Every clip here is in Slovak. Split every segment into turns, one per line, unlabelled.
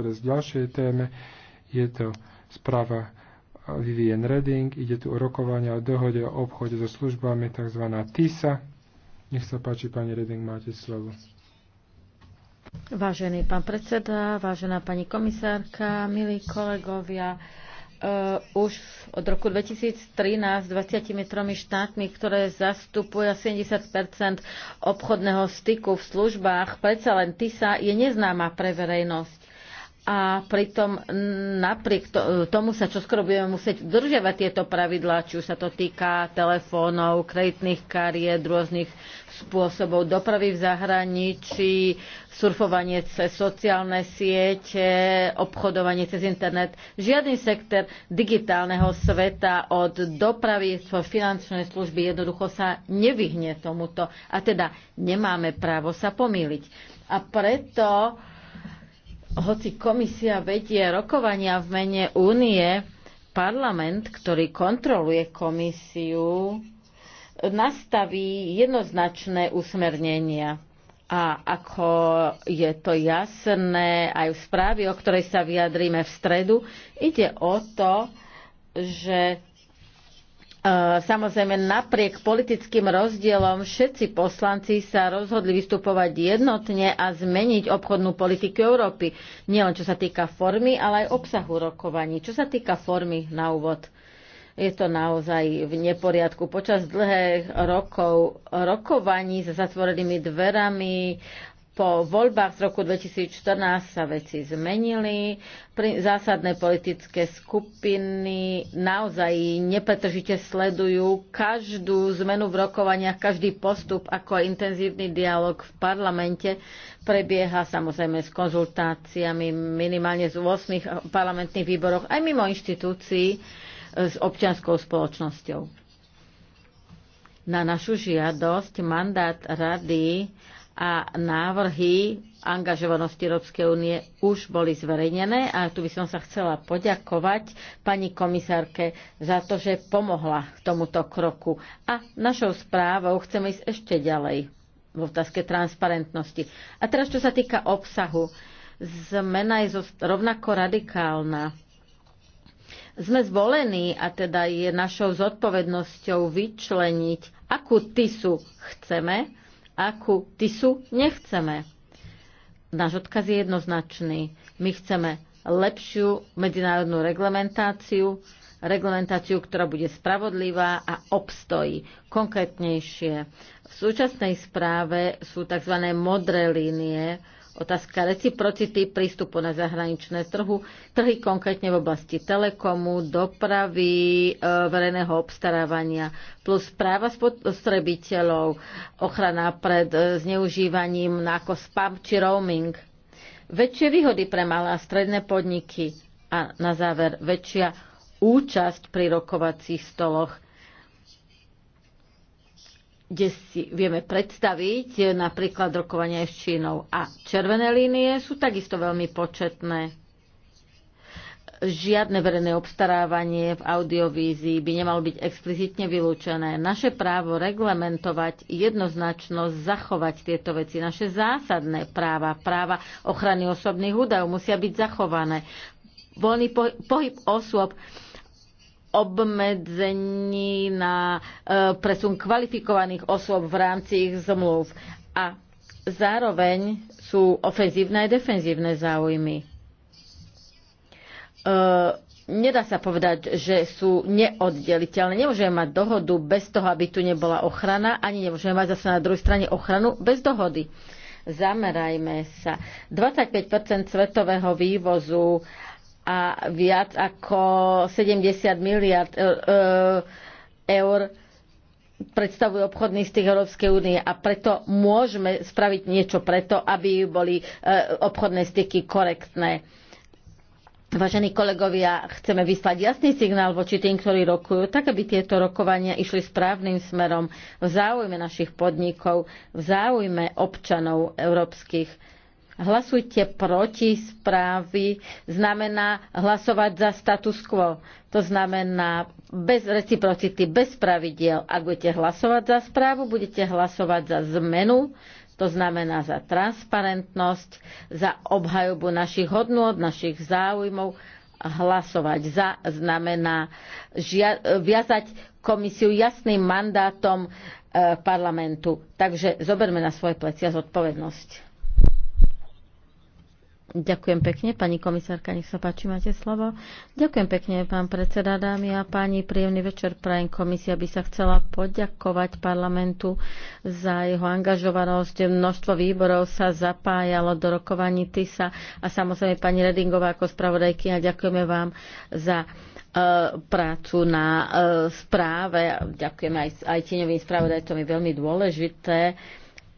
prejsť k ďalšej téme. Je to správa Vivian Redding, ide tu o rokovania o dohode o obchode so službami, tzv. TISA. Nech sa páči, pani Redding, máte slovo.
Vážený pán predseda, vážená pani komisárka, milí kolegovia, uh, už od roku 2013 23 štátmi, ktoré zastupuje 70 obchodného styku v službách, predsa len TISA je neznáma pre verejnosť a pritom napriek tomu sa čoskoro budeme musieť držiavať tieto pravidlá, či už sa to týka telefónov, kreditných kariet, rôznych spôsobov dopravy v zahraničí, surfovanie cez sociálne siete, obchodovanie cez internet. Žiadny sektor digitálneho sveta od dopravy po finančnej služby jednoducho sa nevyhne tomuto. A teda nemáme právo sa pomýliť. A preto hoci komisia vedie rokovania v mene únie, parlament, ktorý kontroluje komisiu, nastaví jednoznačné usmernenia. A ako je to jasné aj v správe, o ktorej sa vyjadríme v stredu, ide o to, že E, samozrejme, napriek politickým rozdielom všetci poslanci sa rozhodli vystupovať jednotne a zmeniť obchodnú politiku Európy. Nielen čo sa týka formy, ale aj obsahu rokovaní. Čo sa týka formy na úvod, je to naozaj v neporiadku. Počas dlhých rokov rokovaní sa zatvorenými dverami po voľbách z roku 2014 sa veci zmenili. Zásadné politické skupiny naozaj nepretržite sledujú každú zmenu v rokovaniach, každý postup, ako aj intenzívny dialog v parlamente prebieha samozrejme s konzultáciami minimálne z 8 parlamentných výboroch aj mimo inštitúcií s občianskou spoločnosťou. Na našu žiadosť mandát rady a návrhy angažovanosti Európskej únie už boli zverejnené a tu by som sa chcela poďakovať pani komisárke za to, že pomohla tomuto kroku. A našou správou chceme ísť ešte ďalej v otázke transparentnosti. A teraz, čo sa týka obsahu, zmena je rovnako radikálna sme zvolení a teda je našou zodpovednosťou vyčleniť, akú tisu chceme akú TISu nechceme. Náš odkaz je jednoznačný. My chceme lepšiu medzinárodnú reglementáciu, reglementáciu, ktorá bude spravodlivá a obstojí. Konkrétnejšie, v súčasnej správe sú tzv. modré línie, Otázka reciprocity prístupu na zahraničné trhu, trhy konkrétne v oblasti telekomu, dopravy, e, verejného obstarávania, plus práva spotrebiteľov, ochrana pred e, zneužívaním na ako spam či roaming, väčšie výhody pre malé a stredné podniky a na záver väčšia účasť pri rokovacích stoloch kde si vieme predstaviť e, napríklad rokovania s Čínou. A červené línie sú takisto veľmi početné. Žiadne verejné obstarávanie v audiovízii by nemalo byť explicitne vylúčené. Naše právo reglementovať jednoznačnosť, zachovať tieto veci, naše zásadné práva, práva ochrany osobných údajov musia byť zachované. Voľný pohyb osôb obmedzení na e, presun kvalifikovaných osôb v rámci ich zmluv. A zároveň sú ofenzívne aj defenzívne záujmy. E, nedá sa povedať, že sú neoddeliteľné. Nemôžeme mať dohodu bez toho, aby tu nebola ochrana, ani nemôžeme mať zase na druhej strane ochranu bez dohody zamerajme sa. 25 svetového vývozu a viac ako 70 miliard e, e, eur predstavujú obchodný z tých Európskej únie a preto môžeme spraviť niečo preto, aby boli e, obchodné styky korektné. Vážení kolegovia, chceme vyslať jasný signál voči tým, ktorí rokujú, tak aby tieto rokovania išli správnym smerom v záujme našich podnikov, v záujme občanov európskych Hlasujte proti správy znamená hlasovať za status quo. To znamená bez reciprocity, bez pravidiel. Ak budete hlasovať za správu, budete hlasovať za zmenu, to znamená za transparentnosť, za obhajobu našich hodnôt, našich záujmov. Hlasovať za znamená žia- viazať komisiu jasným mandátom eh, parlamentu. Takže zoberme na svoje plecia zodpovednosť. Ďakujem pekne, pani komisárka, nech sa páči, máte slovo. Ďakujem pekne, pán predseda, dámy a páni, príjemný večer prajem. Komisia by sa chcela poďakovať parlamentu za jeho angažovanosť. Množstvo výborov sa zapájalo do rokovaní TISA a samozrejme pani Redingová ako spravodajky a ďakujeme vám za e, prácu na e, správe. ďakujem aj, aj tieňovým spravodajcom, je veľmi dôležité,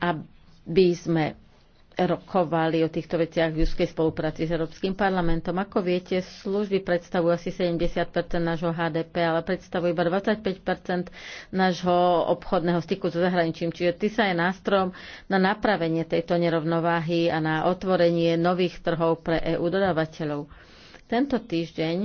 aby sme rokovali o týchto veciach v ľudskej spolupráci s Európskym parlamentom. Ako viete, služby predstavujú asi 70 nášho HDP, ale predstavujú iba 25 nášho obchodného styku so zahraničím. Čiže ty sa je nástrom na napravenie tejto nerovnováhy a na otvorenie nových trhov pre EU dodávateľov. Tento týždeň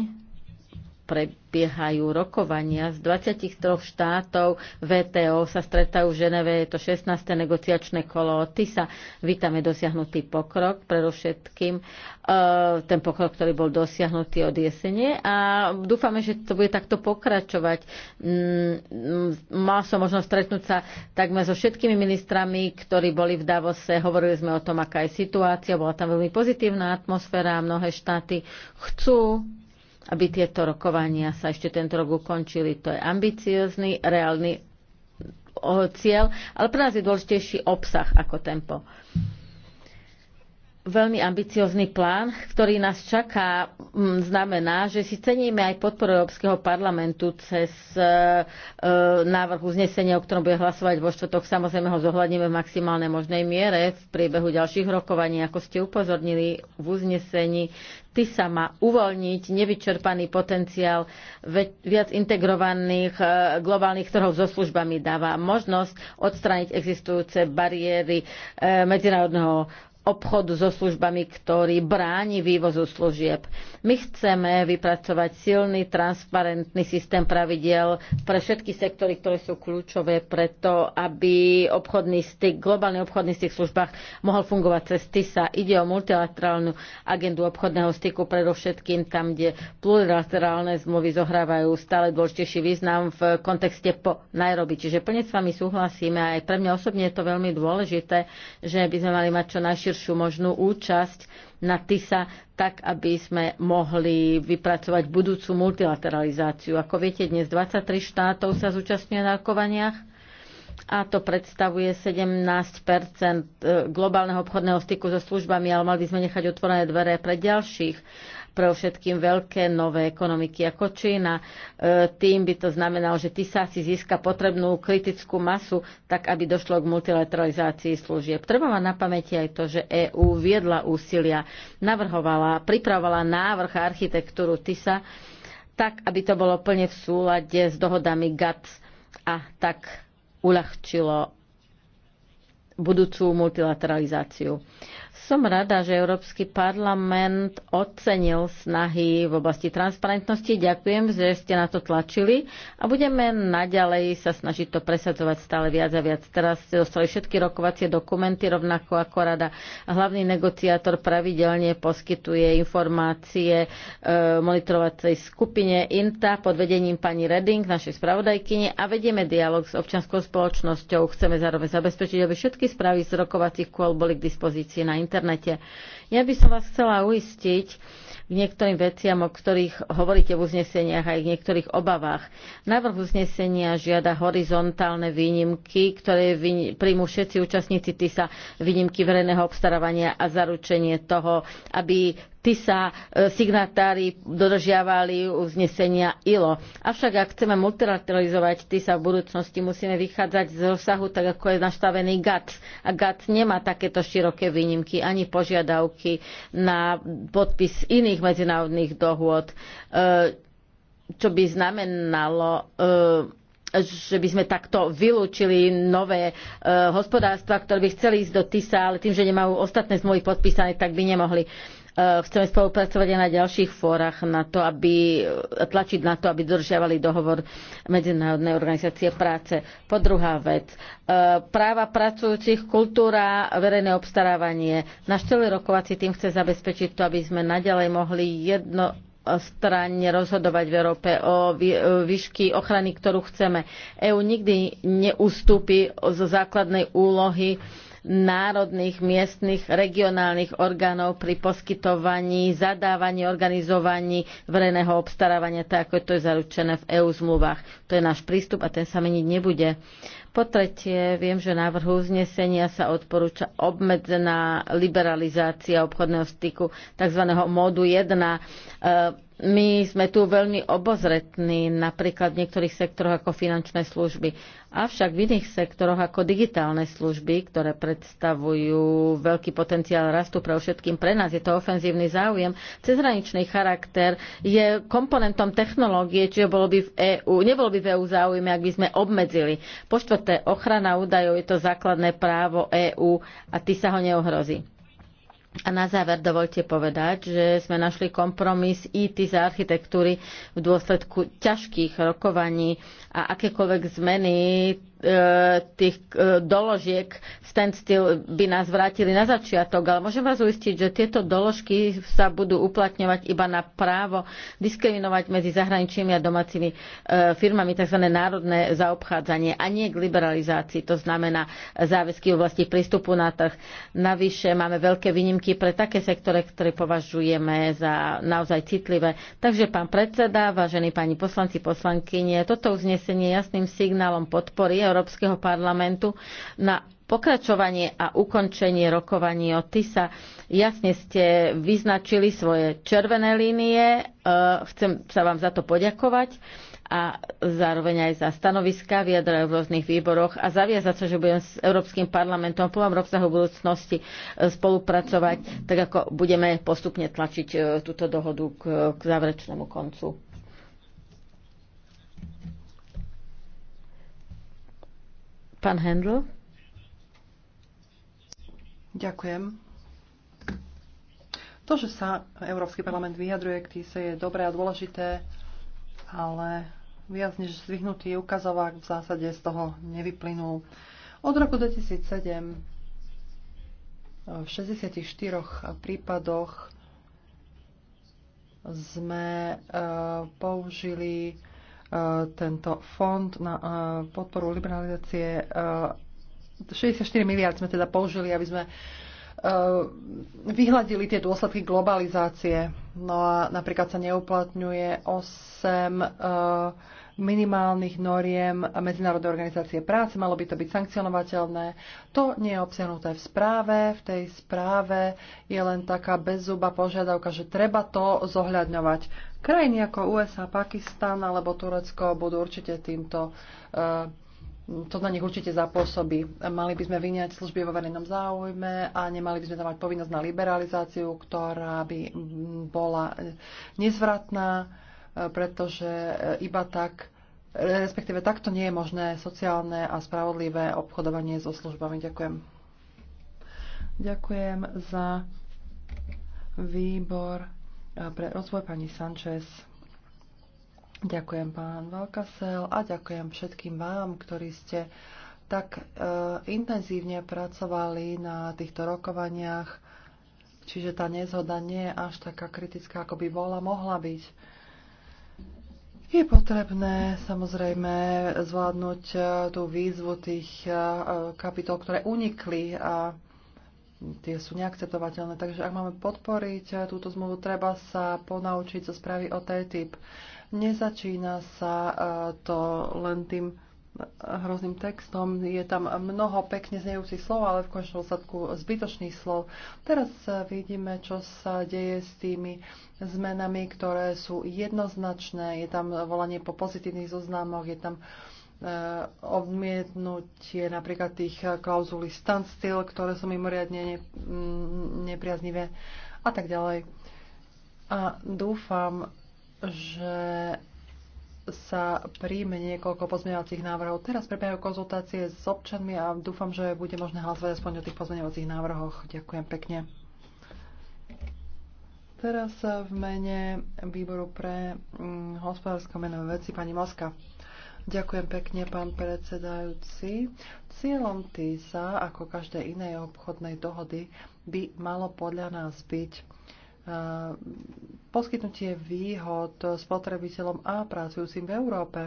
prebiehajú rokovania. Z 23 štátov VTO sa stretajú v Ženeve, je to 16. negociačné kolo TISA. Vítame dosiahnutý pokrok, predovšetkým e, ten pokrok, ktorý bol dosiahnutý od jesene a dúfame, že to bude takto pokračovať. Mm, mal som možnosť stretnúť sa takmer so všetkými ministrami, ktorí boli v Davose. Hovorili sme o tom, aká je situácia, bola tam veľmi pozitívna atmosféra a mnohé štáty chcú aby tieto rokovania sa ešte tento rok ukončili. To je ambiciózny, reálny cieľ, ale pre nás je dôležitejší obsah ako tempo veľmi ambiciózny plán, ktorý nás čaká, mm, znamená, že si ceníme aj podporu Európskeho parlamentu cez e, e, návrh uznesenia, o ktorom bude hlasovať vo štvrtok. Samozrejme ho zohľadníme v maximálnej možnej miere v priebehu ďalších rokovaní, ako ste upozornili v uznesení. Ty sa má uvoľniť nevyčerpaný potenciál viac integrovaných e, globálnych trhov so službami dáva možnosť odstrániť existujúce bariéry medzinárodného obchodu so službami, ktorý bráni vývozu služieb. My chceme vypracovať silný, transparentný systém pravidiel pre všetky sektory, ktoré sú kľúčové preto, aby obchodný styk, globálny obchodný styk v službách mohol fungovať cez TISA. Ide o multilaterálnu agendu obchodného styku predovšetkým tam, kde plurilaterálne zmluvy zohrávajú stále dôležitejší význam v kontexte po Nairobi. Čiže plne s vami súhlasíme aj pre mňa osobne je to veľmi dôležité, že by sme mali mať čo najširšie najširšiu možnú účasť na TISA, tak aby sme mohli vypracovať budúcu multilateralizáciu. Ako viete, dnes 23 štátov sa zúčastňuje na rokovaniach a to predstavuje 17 eh, globálneho obchodného styku so službami, ale mali by sme nechať otvorené dvere pre ďalších pre všetkým veľké nové ekonomiky ako Čína. E, tým by to znamenalo, že TISA si získa potrebnú kritickú masu, tak aby došlo k multilateralizácii služieb. Treba mať na pamäti aj to, že EÚ viedla úsilia, navrhovala, pripravovala návrh a architektúru TISA, tak, aby to bolo plne v súlade s dohodami GATS a tak uľahčilo budúcu multilateralizáciu. Som rada, že Európsky parlament ocenil snahy v oblasti transparentnosti. Ďakujem, že ste na to tlačili a budeme naďalej sa snažiť to presadzovať stále viac a viac. Teraz ste dostali všetky rokovacie dokumenty, rovnako ako rada. Hlavný negociátor pravidelne poskytuje informácie e, monitorovacej skupine INTA pod vedením pani Reding, našej spravodajkyne a vedieme dialog s občanskou spoločnosťou. Chceme zároveň zabezpečiť, aby všetky správy z rokovacích kôl boli k dispozícii na internetu internete. Ja by som vás chcela uistiť k niektorým veciam, o ktorých hovoríte v uzneseniach aj v niektorých obavách. Návrh uznesenia žiada horizontálne výnimky, ktoré príjmu všetci účastníci TISA, výnimky verejného obstarávania a zaručenie toho, aby TISA e, signatári dodržiavali uznesenia ILO. Avšak ak chceme multilateralizovať TISA v budúcnosti, musíme vychádzať z rozsahu tak, ako je nastavený GATS. A GATS nemá takéto široké výnimky ani požiadavky na podpis iných medzinárodných dohôd, e, čo by znamenalo e, že by sme takto vylúčili nové e, hospodárstva, ktoré by chceli ísť do TISA, ale tým, že nemajú ostatné zmluvy podpísané, tak by nemohli. Eh, chceme spolupracovať aj na ďalších fórach na to, aby eh, tlačiť na to, aby dodržiavali dohovor Medzinárodnej organizácie práce. Po druhá vec, eh, práva pracujúcich, kultúra, verejné obstarávanie. Náš celý rokovací tým chce zabezpečiť to, aby sme naďalej mohli jedno strane rozhodovať v Európe o výšky ochrany, ktorú chceme. EÚ nikdy neustúpi zo základnej úlohy národných, miestnych, regionálnych orgánov pri poskytovaní, zadávaní, organizovaní verejného obstarávania, tak ako to je zaručené v EU zmluvách. To je náš prístup a ten sa meniť nebude. Po tretie, viem, že návrhu uznesenia sa odporúča obmedzená liberalizácia obchodného styku, tzv. módu 1. E, my sme tu veľmi obozretní, napríklad v niektorých sektoroch ako finančné služby Avšak v iných sektoroch ako digitálne služby, ktoré predstavujú veľký potenciál rastu pre všetkým pre nás, je to ofenzívny záujem, cezhraničný charakter je komponentom technológie, čiže bolo by v EU, nebolo by v EU záujme, ak by sme obmedzili. Po štvrté, ochrana údajov je to základné právo EÚ a ty sa ho neohrozí. A na záver dovolte povedať, že sme našli kompromis IT za architektúry v dôsledku ťažkých rokovaní a akékoľvek zmeny E, tých e, doložiek standstill by nás vrátili na začiatok, ale môžem vás uistiť, že tieto doložky sa budú uplatňovať iba na právo diskriminovať medzi zahraničnými a domácimi e, firmami tzv. národné zaobchádzanie a nie k liberalizácii, to znamená záväzky v oblasti prístupu na trh. Navyše máme veľké výnimky pre také sektore, ktoré považujeme za naozaj citlivé. Takže pán predseda, vážení pani poslanci, poslankyne, toto uznesenie jasným signálom podpory Európskeho parlamentu na pokračovanie a ukončenie rokovaní o TISA. Jasne ste vyznačili svoje červené línie. E, chcem sa vám za to poďakovať a zároveň aj za stanoviska vyjadrajú v rôznych výboroch a zaviazať sa, že budem s Európskym parlamentom po vám rozsahu budúcnosti e, spolupracovať, tak ako budeme postupne tlačiť e, túto dohodu k záverečnému koncu.
Pán Hendl. Ďakujem. To, že sa Európsky parlament vyjadruje k TISE je dobré a dôležité, ale viac než zvyhnutý ukazovák v zásade z toho nevyplynul. Od roku 2007 v 64 prípadoch sme e, použili Eh, tento fond na eh, podporu liberalizácie. 64 eh, miliard sme teda použili, aby sme vyhľadili tie dôsledky globalizácie. No a napríklad sa neuplatňuje 8 minimálnych noriem Medzinárodnej organizácie práce, malo by to byť sankcionovateľné. To nie je obsiahnuté v správe, v tej správe je len taká bezzuba požiadavka, že treba to zohľadňovať. Krajiny ako USA, Pakistan alebo Turecko budú určite týmto eh, to na nich určite zapôsobí. Mali by sme vyňať služby vo verejnom záujme a nemali by sme dávať povinnosť na liberalizáciu, ktorá by bola eh, nezvratná, eh, pretože iba tak, respektíve takto nie je možné sociálne a spravodlivé obchodovanie so službami. Ďakujem. Ďakujem za výbor pre rozvoj pani Sanchez. Ďakujem pán Valkasel a ďakujem všetkým vám, ktorí ste tak e, intenzívne pracovali na týchto rokovaniach, čiže tá nezhoda nie je až taká kritická, ako by bola mohla byť. Je potrebné samozrejme zvládnuť e, tú výzvu tých e, kapitol, ktoré unikli a tie sú neakceptovateľné. Takže ak máme podporiť túto zmluvu, treba sa ponaučiť zo správy o TTIP. Nezačína sa e, to len tým e, hrozným textom. Je tam mnoho pekne znejúcich slov, ale v končnom sladku zbytočných slov. Teraz e, vidíme, čo sa deje s tými zmenami, ktoré sú jednoznačné. Je tam volanie po pozitívnych zoznámoch, je tam uh, Eh, odmietnutie napríklad tých klauzulí standstill, ktoré sú mimoriadne mm, nepriaznivé a tak ďalej. A dúfam, že sa príjme niekoľko pozmeňovacích návrhov. Teraz prebiehajú konzultácie s občanmi a dúfam, že bude možné hlasovať aspoň o tých pozmeňovacích návrhoch. Ďakujem pekne. Teraz v mene výboru pre mm, hospodárske menové veci pani Moska. Ďakujem pekne, pán predsedajúci. Cieľom TISA, ako každej inej obchodnej dohody, by malo podľa nás byť eh, poskytnutie výhod spotrebiteľom a pracujúcim v Európe.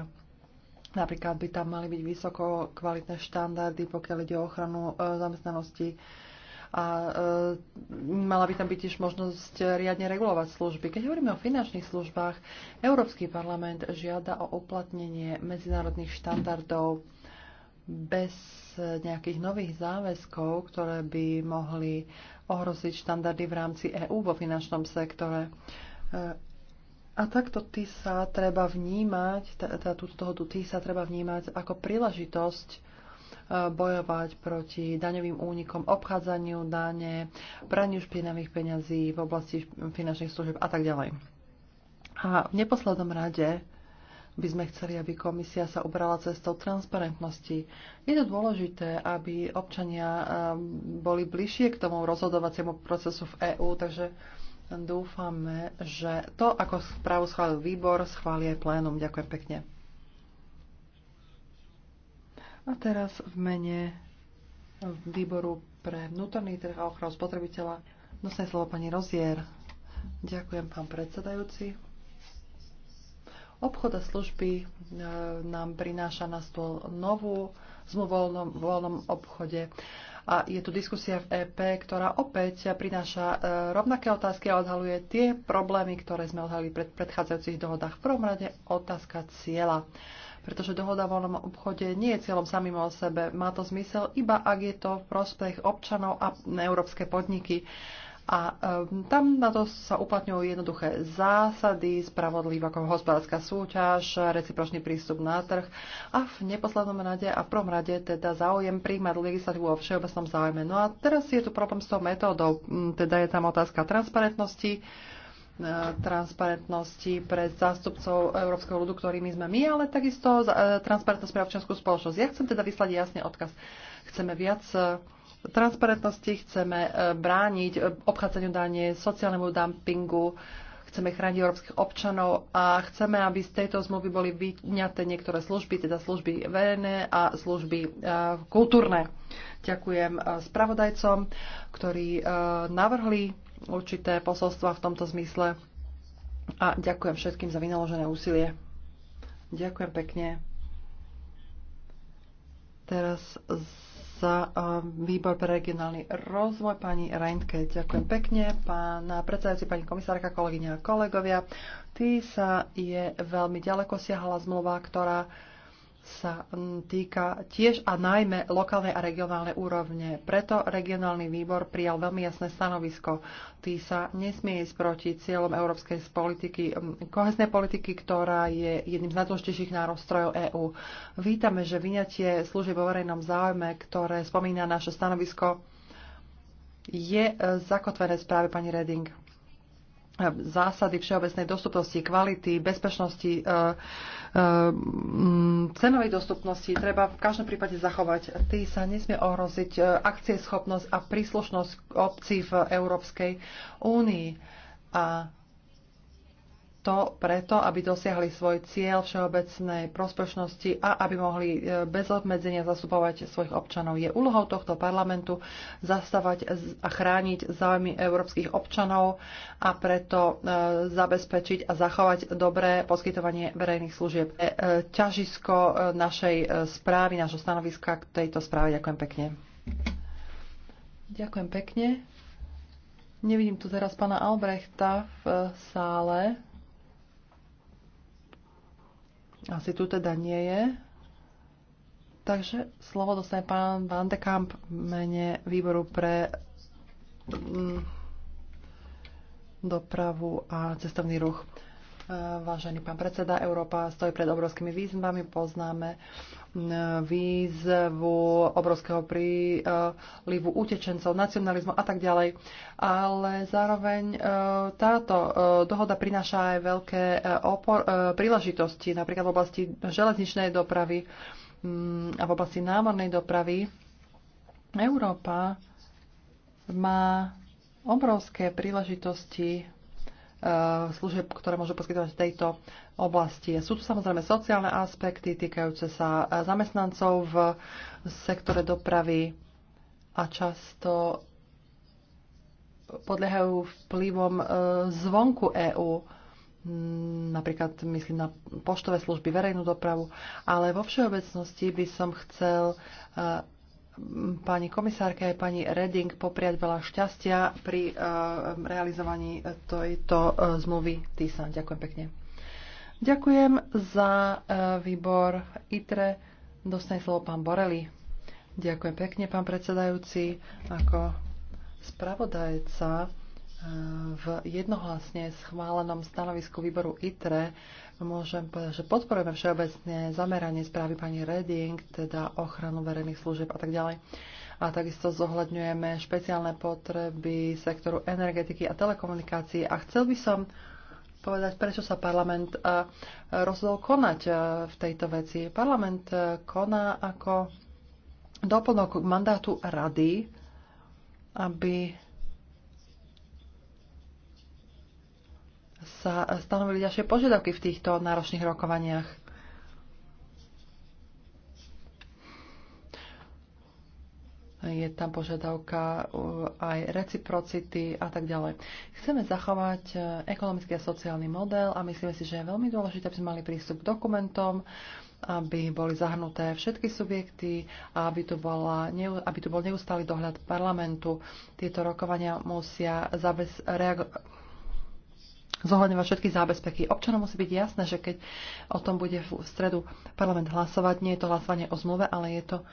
Napríklad by tam mali byť vysoko kvalitné štandardy, pokiaľ ide o ochranu eh, zamestnanosti a e, mala by tam byť tiež možnosť riadne regulovať služby. Keď hovoríme o finančných službách, Európsky parlament žiada o uplatnenie medzinárodných štandardov bez nejakých nových záväzkov, ktoré by mohli ohroziť štandardy v rámci EÚ vo finančnom sektore. E, a takto ty sa treba vnímať, tá, tá, túto dohodu ty sa treba vnímať ako príležitosť bojovať proti daňovým únikom, obchádzaniu dane, praniu špinavých peňazí v oblasti finančných služieb a tak ďalej. A v neposlednom rade by sme chceli, aby komisia sa ubrala cestou transparentnosti. Je to dôležité, aby občania eh, boli bližšie k tomu rozhodovaciemu procesu v EÚ, takže dúfame, že to, ako správu schválil výbor, schváli aj plénum. Ďakujem pekne. A teraz v mene výboru pre vnútorný trh a ochranu spotrebiteľa nosné slovo pani Rozier. Ďakujem, pán predsedajúci. Obchod a služby e, nám prináša na stôl novú zmluvu voľnom, voľnom obchode. A je tu diskusia v EP, ktorá opäť prináša e, rovnaké otázky a odhaluje tie problémy, ktoré sme odhalili pred predchádzajúcich dohodách. V prvom rade otázka cieľa pretože dohoda o voľnom obchode nie je cieľom samým o sebe. Má to zmysel iba ak je to v prospech občanov a európske podniky. A um, tam na to sa uplatňujú jednoduché zásady, spravodlivá ako hospodárska súťaž, recipročný prístup na trh a v neposlednom rade a v prvom rade teda záujem príjmať legislatívu o všeobecnom záujme. No a teraz je tu problém s tou metódou, hm, teda je tam otázka transparentnosti, E, transparentnosti pre zástupcov Európskeho ľudu, ktorými sme my, ale takisto e, transparentnosť pre občianskú spoločnosť. Ja chcem teda vyslať jasný odkaz. Chceme viac e, transparentnosti, chceme brániť obchádzaniu dane, sociálnemu dumpingu, chceme chrániť európskych občanov a chceme, aby z tejto zmluvy boli vyňaté niektoré služby, teda služby verejné a služby kultúrne. Ďakujem spravodajcom, ktorí navrhli určité posolstva v tomto zmysle. A ďakujem všetkým za vynaložené úsilie. Ďakujem pekne. Teraz za výbor pre regionálny rozvoj pani Reintke. Ďakujem pekne. Pán predsedajúci, pani komisárka, kolegyňa a kolegovia. Ty sa je veľmi ďaleko siahala zmluva, ktorá sa týka tiež a najmä lokálnej a regionálnej úrovne. Preto regionálny výbor prijal veľmi jasné stanovisko. Tý sa nesmie ísť proti cieľom európskej politiky, kohesnej politiky, ktorá je jedným z najdôležitejších nárostrojov EÚ. Vítame, že vyňatie služieb vo verejnom záujme, ktoré spomína naše stanovisko, je e, zakotvené v správe pani Reding zásady všeobecnej dostupnosti, kvality, bezpečnosti, e, e, mm, cenovej dostupnosti treba v každom prípade zachovať. Tý sa nesmie ohroziť e, akcieschopnosť a príslušnosť obcí v Európskej únii. A to preto, aby dosiahli svoj cieľ všeobecnej prospešnosti a aby mohli e, bez obmedzenia zastupovať svojich občanov. Je úlohou tohto parlamentu zastavať a chrániť záujmy európskych občanov a preto e, zabezpečiť a zachovať dobré poskytovanie verejných služieb. E, ťažisko našej správy, nášho stanoviska k tejto správe. Ďakujem pekne. Ďakujem pekne. Nevidím tu teraz pána Albrechta v sále. Asi tu teda nie je. Takže slovo dostane pán Van de Kamp mene výboru pre mm, dopravu a cestovný ruch. Vážený pán predseda, Európa stojí pred obrovskými výzvami. Poznáme výzvu obrovského prílivu utečencov, nacionalizmu a tak ďalej. Ale zároveň e, táto e, dohoda prináša aj veľké e, príležitosti, napríklad v oblasti železničnej dopravy a v oblasti námornej dopravy. Európa má obrovské príležitosti Eh, služieb, ktoré môžu poskytovať v tejto oblasti. Sú tu samozrejme sociálne aspekty týkajúce sa eh, zamestnancov v sektore dopravy a často podliehajú vplyvom eh, zvonku EÚ, mm, napríklad myslím na poštové služby, verejnú dopravu, ale vo všeobecnosti by som chcel pani komisárke aj pani Reding popriať veľa šťastia pri eh, realizovaní tejto eh, zmluvy TISA. Ďakujem pekne. Ďakujem za eh, výbor ITRE. Dostane slovo pán Borelli. Ďakujem pekne, pán predsedajúci. Ako spravodajca v jednohlasne schválenom stanovisku výboru ITRE môžem povedať, že podporujeme všeobecne zameranie správy pani Reding, teda ochranu verejných služieb a tak ďalej. A takisto zohľadňujeme špeciálne potreby sektoru energetiky a telekomunikácií. A chcel by som povedať, prečo sa parlament rozhodol konať v tejto veci. Parlament koná ako doplnok mandátu rady, aby sa stanovili ďalšie požiadavky v týchto náročných rokovaniach. Je tam požiadavka uh, aj reciprocity a tak ďalej. Chceme zachovať uh, ekonomický a sociálny model a myslíme si, že je veľmi dôležité, aby sme mali prístup k dokumentom, aby boli zahrnuté všetky subjekty a aby tu, bola, aby tu bol neustály dohľad parlamentu. Tieto rokovania musia zabez, reago- zohľadňovať všetky zábezpeky. Občanom musí byť jasné, že keď o tom bude v stredu parlament hlasovať, nie je to hlasovanie o zmluve, ale je to uh,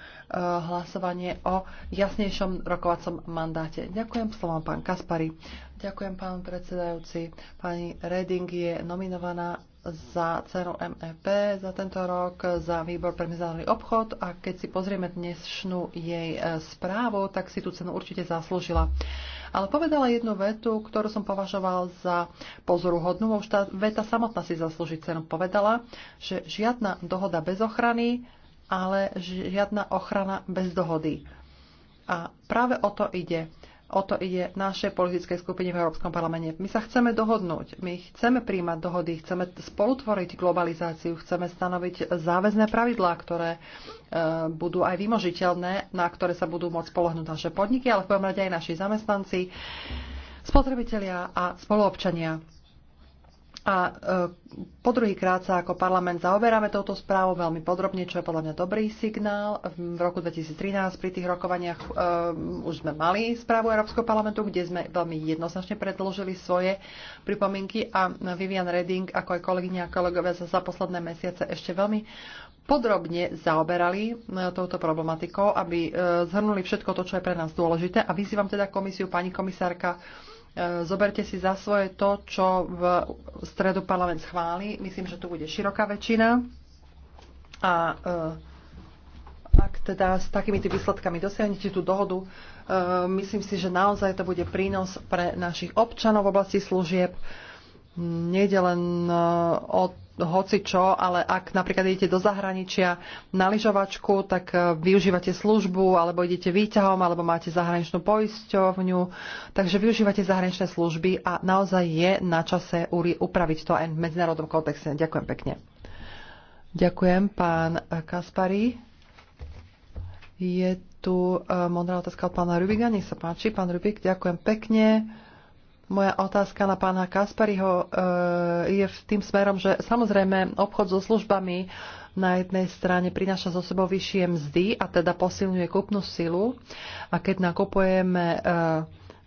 hlasovanie o jasnejšom rokovacom mandáte. Ďakujem slovom pán Kaspari. Ďakujem pán predsedajúci. Pani Reding je nominovaná za CERO MEP za tento rok, za výbor pre medzinárodný obchod a keď si pozrieme dnešnú jej e, správu, tak si tú cenu určite zaslúžila. Ale povedala jednu vetu, ktorú som považoval za pozoruhodnú, už tá veta samotná si zaslúži cenu. Povedala, že žiadna dohoda bez ochrany, ale žiadna ochrana bez dohody. A práve o to ide O to ide našej politickej skupine v Európskom parlamente. My sa chceme dohodnúť, my chceme príjmať dohody, chceme spolutvoriť globalizáciu, chceme stanoviť záväzné pravidlá, ktoré e, budú aj vymožiteľné, na ktoré sa budú môcť spolohnúť naše podniky, ale v prvom rade aj naši zamestnanci, spotrebitelia a spoluobčania. A e, po druhý krát sa ako parlament zaoberáme touto správou veľmi podrobne, čo je podľa mňa dobrý signál. V roku 2013 pri tých rokovaniach e, už sme mali správu Európskeho parlamentu, kde sme veľmi jednoznačne predložili svoje pripomienky a Vivian Redding, ako aj kolegyňa a kolegovia sa za posledné mesiace ešte veľmi podrobne zaoberali e, touto problematikou, aby zhrnuli všetko to, čo je pre nás dôležité. A vyzývam teda komisiu, pani komisárka, E, zoberte si za svoje to, čo v stredu parlament schváli. Myslím, že tu bude široká väčšina. A e, ak teda s tými výsledkami dosiahnete tú dohodu, e, myslím si, že naozaj to bude prínos pre našich občanov v oblasti služieb. Nejde len o hoci čo, ale ak napríklad idete do zahraničia na lyžovačku, tak e, využívate službu, alebo idete výťahom, alebo máte zahraničnú poisťovňu. Takže využívate zahraničné služby a naozaj je na čase upraviť to aj v medzinárodnom kontexte. Ďakujem pekne. Ďakujem, pán Kaspari. Je tu e, modrá otázka od pána Rubiga. Nech sa páči, pán Rubik, ďakujem pekne. Moja otázka na pána Kaspariho e, je v tým smerom, že samozrejme obchod so službami na jednej strane prináša zo sebou vyššie mzdy a teda posilňuje kúpnu silu. A keď nakupujeme e,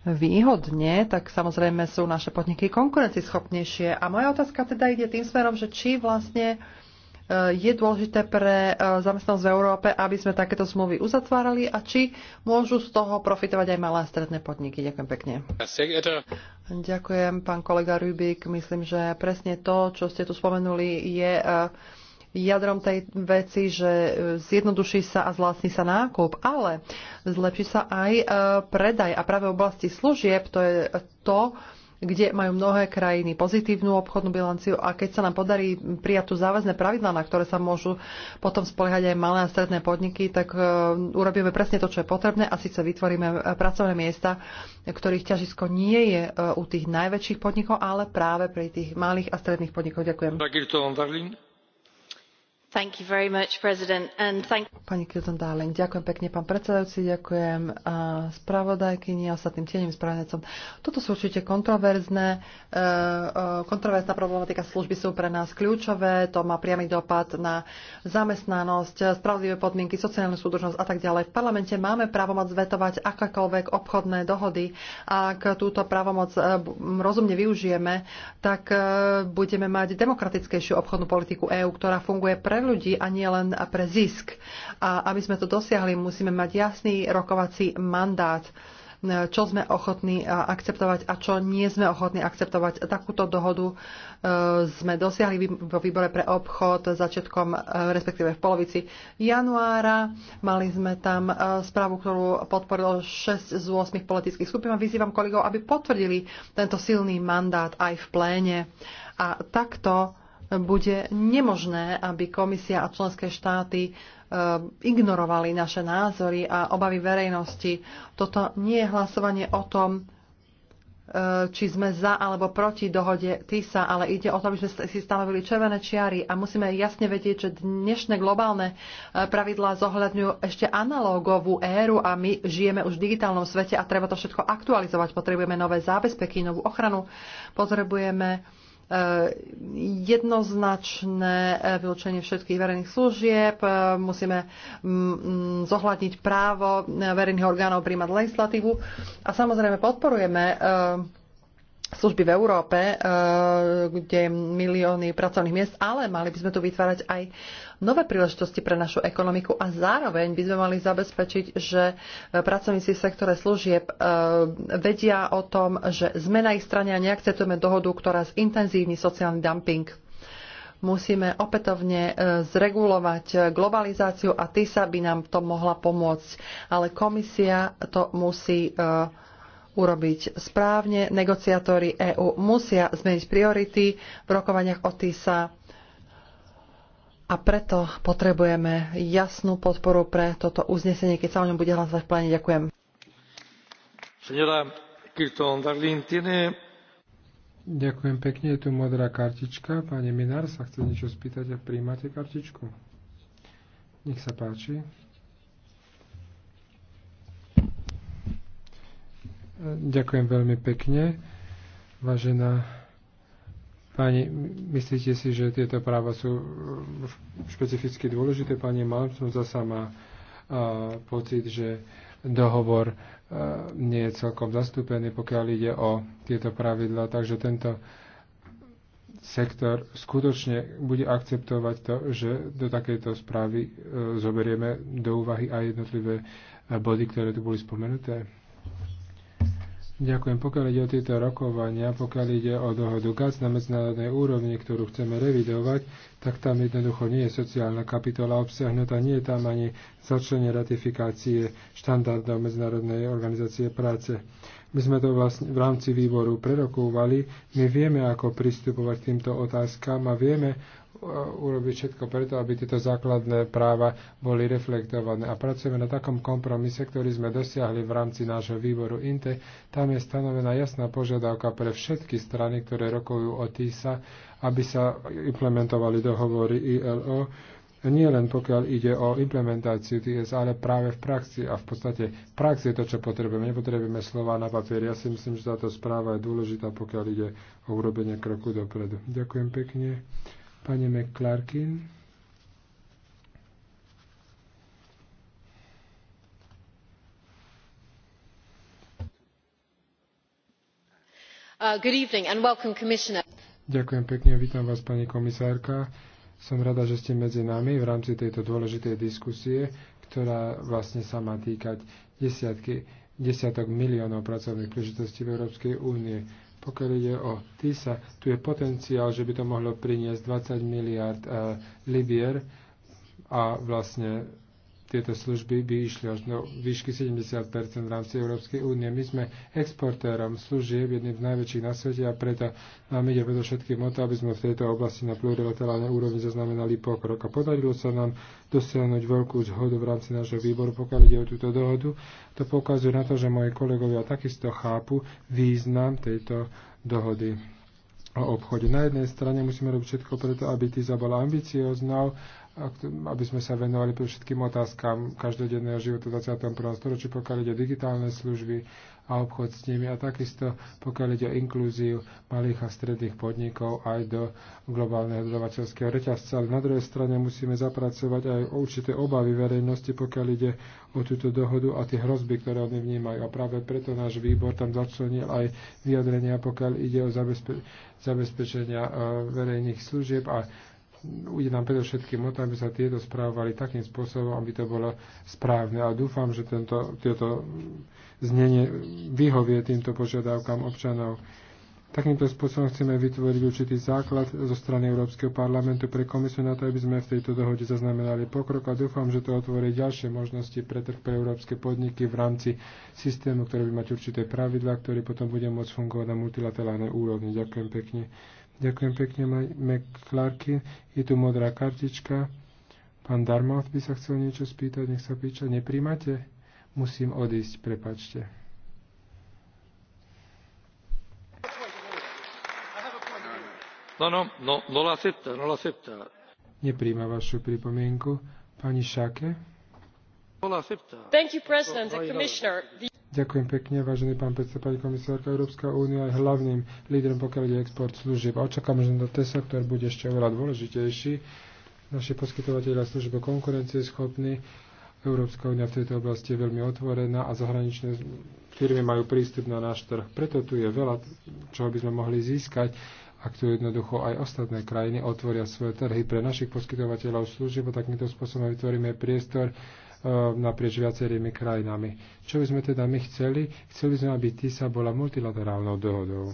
výhodne, tak samozrejme sú naše podniky konkurencieschopnejšie. A moja otázka teda ide tým smerom, že či vlastne Eh, je dôležité pre eh, zamestnanosť v Európe, aby sme takéto zmluvy uzatvárali a či môžu z toho profitovať aj malé a stredné podniky. Ďakujem pekne. Ďakujem, pán kolega Rubik. Myslím, že presne to, čo ste tu spomenuli, je eh, jadrom tej veci, že zjednoduší sa a zvlastní sa nákup, ale zlepší sa aj predaj a práve oblasti služieb, to je to, kde majú mnohé krajiny pozitívnu obchodnú bilanciu a keď sa nám podarí prijať tu záväzne pravidlá, na ktoré sa môžu potom spoliehať aj malé a stredné podniky, tak e, urobíme presne to, čo je potrebné a síce vytvoríme e, pracovné miesta, ktorých ťažisko nie je e, u tých najväčších podnikov, ale práve pri tých malých a stredných podnikoch. Ďakujem. Pani Kirton Darling, ďakujem pekne, pán predsedajúci, ďakujem uh, spravodajkyni a ostatným tieňovým spravodajcom. Toto sú určite kontroverzné. Uh, uh, kontroverzná problematika služby sú pre nás kľúčové, to má priamy dopad na zamestnanosť, spravodlivé podmienky, sociálnu súdržnosť a tak ďalej. V parlamente máme právomoc vetovať akékoľvek obchodné dohody. Ak túto právomoc e, rozumne využijeme, tak budeme mať demokratickejšiu obchodnú politiku EÚ, ktorá funguje pre ľudí a nie len pre zisk. A aby sme to dosiahli, musíme mať jasný rokovací mandát čo sme ochotní e, akceptovať a čo nie sme ochotní akceptovať. Takúto dohodu e, sme dosiahli vo výbore pre obchod začiatkom, e, respektíve v polovici januára. Mali sme tam správu, ktorú podporilo 6 z 8 politických skupín a vyzývam kolegov, aby potvrdili tento silný mandát aj v pléne. A takto bude nemožné, aby komisia a členské štáty e, ignorovali naše názory a obavy verejnosti. Toto nie je hlasovanie o tom, e, či sme za alebo proti dohode TISA, ale ide o to, aby sme si stanovili červené čiary a musíme jasne vedieť, že dnešné globálne e, pravidlá zohľadňujú ešte analógovú éru a my žijeme už v digitálnom svete a treba to všetko aktualizovať. Potrebujeme nové zábezpeky, novú ochranu, potrebujeme jednoznačné eh, vylúčenie všetkých verejných služieb, eh, musíme mm, zohľadniť právo eh, verejných orgánov príjmať legislatívu a samozrejme podporujeme služby v Európe, kde je milióny pracovných miest, ale mali by sme tu vytvárať aj nové príležitosti pre našu ekonomiku a zároveň by sme mali zabezpečiť, že e, pracovníci v sektore služieb e, vedia o tom, že sme na ich strane a neakceptujeme dohodu, ktorá zintenzívni sociálny dumping musíme opätovne e, zregulovať globalizáciu a TISA by nám to mohla pomôcť. Ale komisia to musí urobiť správne. Negociátori EÚ musia zmeniť priority v rokovaniach o TISA a preto potrebujeme jasnú podporu pre toto uznesenie, keď sa o ňom bude hlasovať v pláne. Ďakujem.
Ďakujem pekne, je tu modrá kartička. Pani Minár sa chce niečo spýtať a príjmate kartičku. Nech sa páči. Ďakujem veľmi pekne, vážená Pani, myslíte si, že tieto práva sú mm, špecificky dôležité? Pani Malmström zasa má pocit, že dohovor nie je celkom zastúpený, pokiaľ ide o tieto pravidla. Takže tento sektor skutočne bude akceptovať to, že do takejto správy e, zoberieme do úvahy aj jednotlivé e, body, ktoré tu boli spomenuté? Ďakujem. Pokiaľ ide o tieto rokovania, pokiaľ ide o dohodu GAC na medzinárodnej úrovni, ktorú chceme revidovať, tak tam jednoducho nie je sociálna kapitola obsiahnutá, nie je tam ani začlenie ratifikácie štandardov Medzinárodnej organizácie práce. My sme to vlastne v rámci výboru prerokúvali, my vieme, ako pristupovať k týmto otázkam a vieme, urobiť všetko preto, aby tieto základné práva boli reflektované. A pracujeme na takom kompromise, ktorý sme dosiahli v rámci nášho výboru INTE. Tam je stanovená jasná požiadavka pre všetky strany, ktoré rokujú o TISA, aby sa implementovali dohovory ILO, nie len pokiaľ ide o implementáciu TS, ale práve v praxi. A v podstate prax je to, čo potrebujeme. Nepotrebujeme slova na papier. Ja si myslím, že táto správa je dôležitá, pokiaľ ide o urobenie kroku dopredu. Ďakujem pekne. Pani McClarkin.
Uh, good evening and welcome, Commissioner.
Ďakujem pekne, vítam vás, pani komisárka. Som rada, že ste medzi nami v rámci tejto dôležitej diskusie, ktorá vlastne sa má týkať desiatky, desiatok miliónov pracovných príležitostí v Európskej únie pokiaľ ide o TISA, tu je potenciál, že by to mohlo priniesť 20 miliard eh, libier a vlastne tieto služby by išli až do výšky 70 v rámci Európskej únie. My sme exportérom služieb, jedným z najväčších na svete a preto nám ide predovšetkým o to, aby sme v tejto oblasti na plurilaterálnej úrovni zaznamenali pokrok. A podarilo sa nám dosiahnuť veľkú zhodu v rámci nášho výboru, pokiaľ ide o túto dohodu. To pokazuje na to, že moji kolegovia takisto chápu význam tejto dohody o obchode. Na jednej strane musíme robiť všetko preto, aby TISA bola ambicióznou aby sme sa venovali pre všetkým otázkam každodenného života v 21. storočí, pokiaľ ide o digitálne služby a obchod s nimi a takisto pokiaľ ide o inklúziu malých a stredných podnikov aj do globálneho dodavateľského reťazca. Ale na druhej strane musíme zapracovať aj určité obavy verejnosti, pokiaľ ide o túto dohodu a tie hrozby, ktoré oni vnímajú. A práve preto náš výbor tam začlenil aj vyjadrenia, pokiaľ ide o zabezpe- zabezpečenia e, verejných služieb a ujde nám predovšetkým o to, aby sa tieto správovali takým spôsobom, aby to bolo správne. A dúfam, že tento, tieto znenie vyhovie týmto požiadavkám občanov. Takýmto spôsobom chceme vytvoriť určitý základ zo strany Európskeho parlamentu pre komisiu na to, aby sme v tejto dohode zaznamenali pokrok a dúfam, že to otvorí ďalšie možnosti pre trh pre európske podniky v rámci systému, ktorý by mať určité pravidlá, ktorý potom bude môcť fungovať na multilaterálnej úrovni. Ďakujem pekne. Ďakujem pekne, McClarky. Je tu modrá kartička. Pán Darmouth by sa chcel niečo spýtať, nech sa píča. Nepríjmate? Musím odísť, prepačte.
No, no, no, no la acepta, no la acepta.
Nepríjma vašu pripomienku. Pani Šake?
No la acepta. Thank you, President and no, no, no. Commissioner.
Ďakujem pekne, vážený pán predseda, pani komisárka. Európska únia je hlavným lídrom, pokiaľ ide export služieb. A očakám, že na TESA, ktorý bude ešte oveľa dôležitejší, naši poskytovateľia služieb konkurencie schopní. Európska únia v tejto oblasti je veľmi otvorená a zahraničné firmy majú prístup na náš trh. Preto tu je veľa, čo by sme mohli získať, ak tu jednoducho aj ostatné krajiny otvoria svoje trhy pre našich poskytovateľov služieb a takýmto spôsobom vytvoríme priestor Eh, naprieč viacerými krajinami. Čo by sme teda my chceli? Chceli sme, aby TISA bola multilaterálnou dohodou.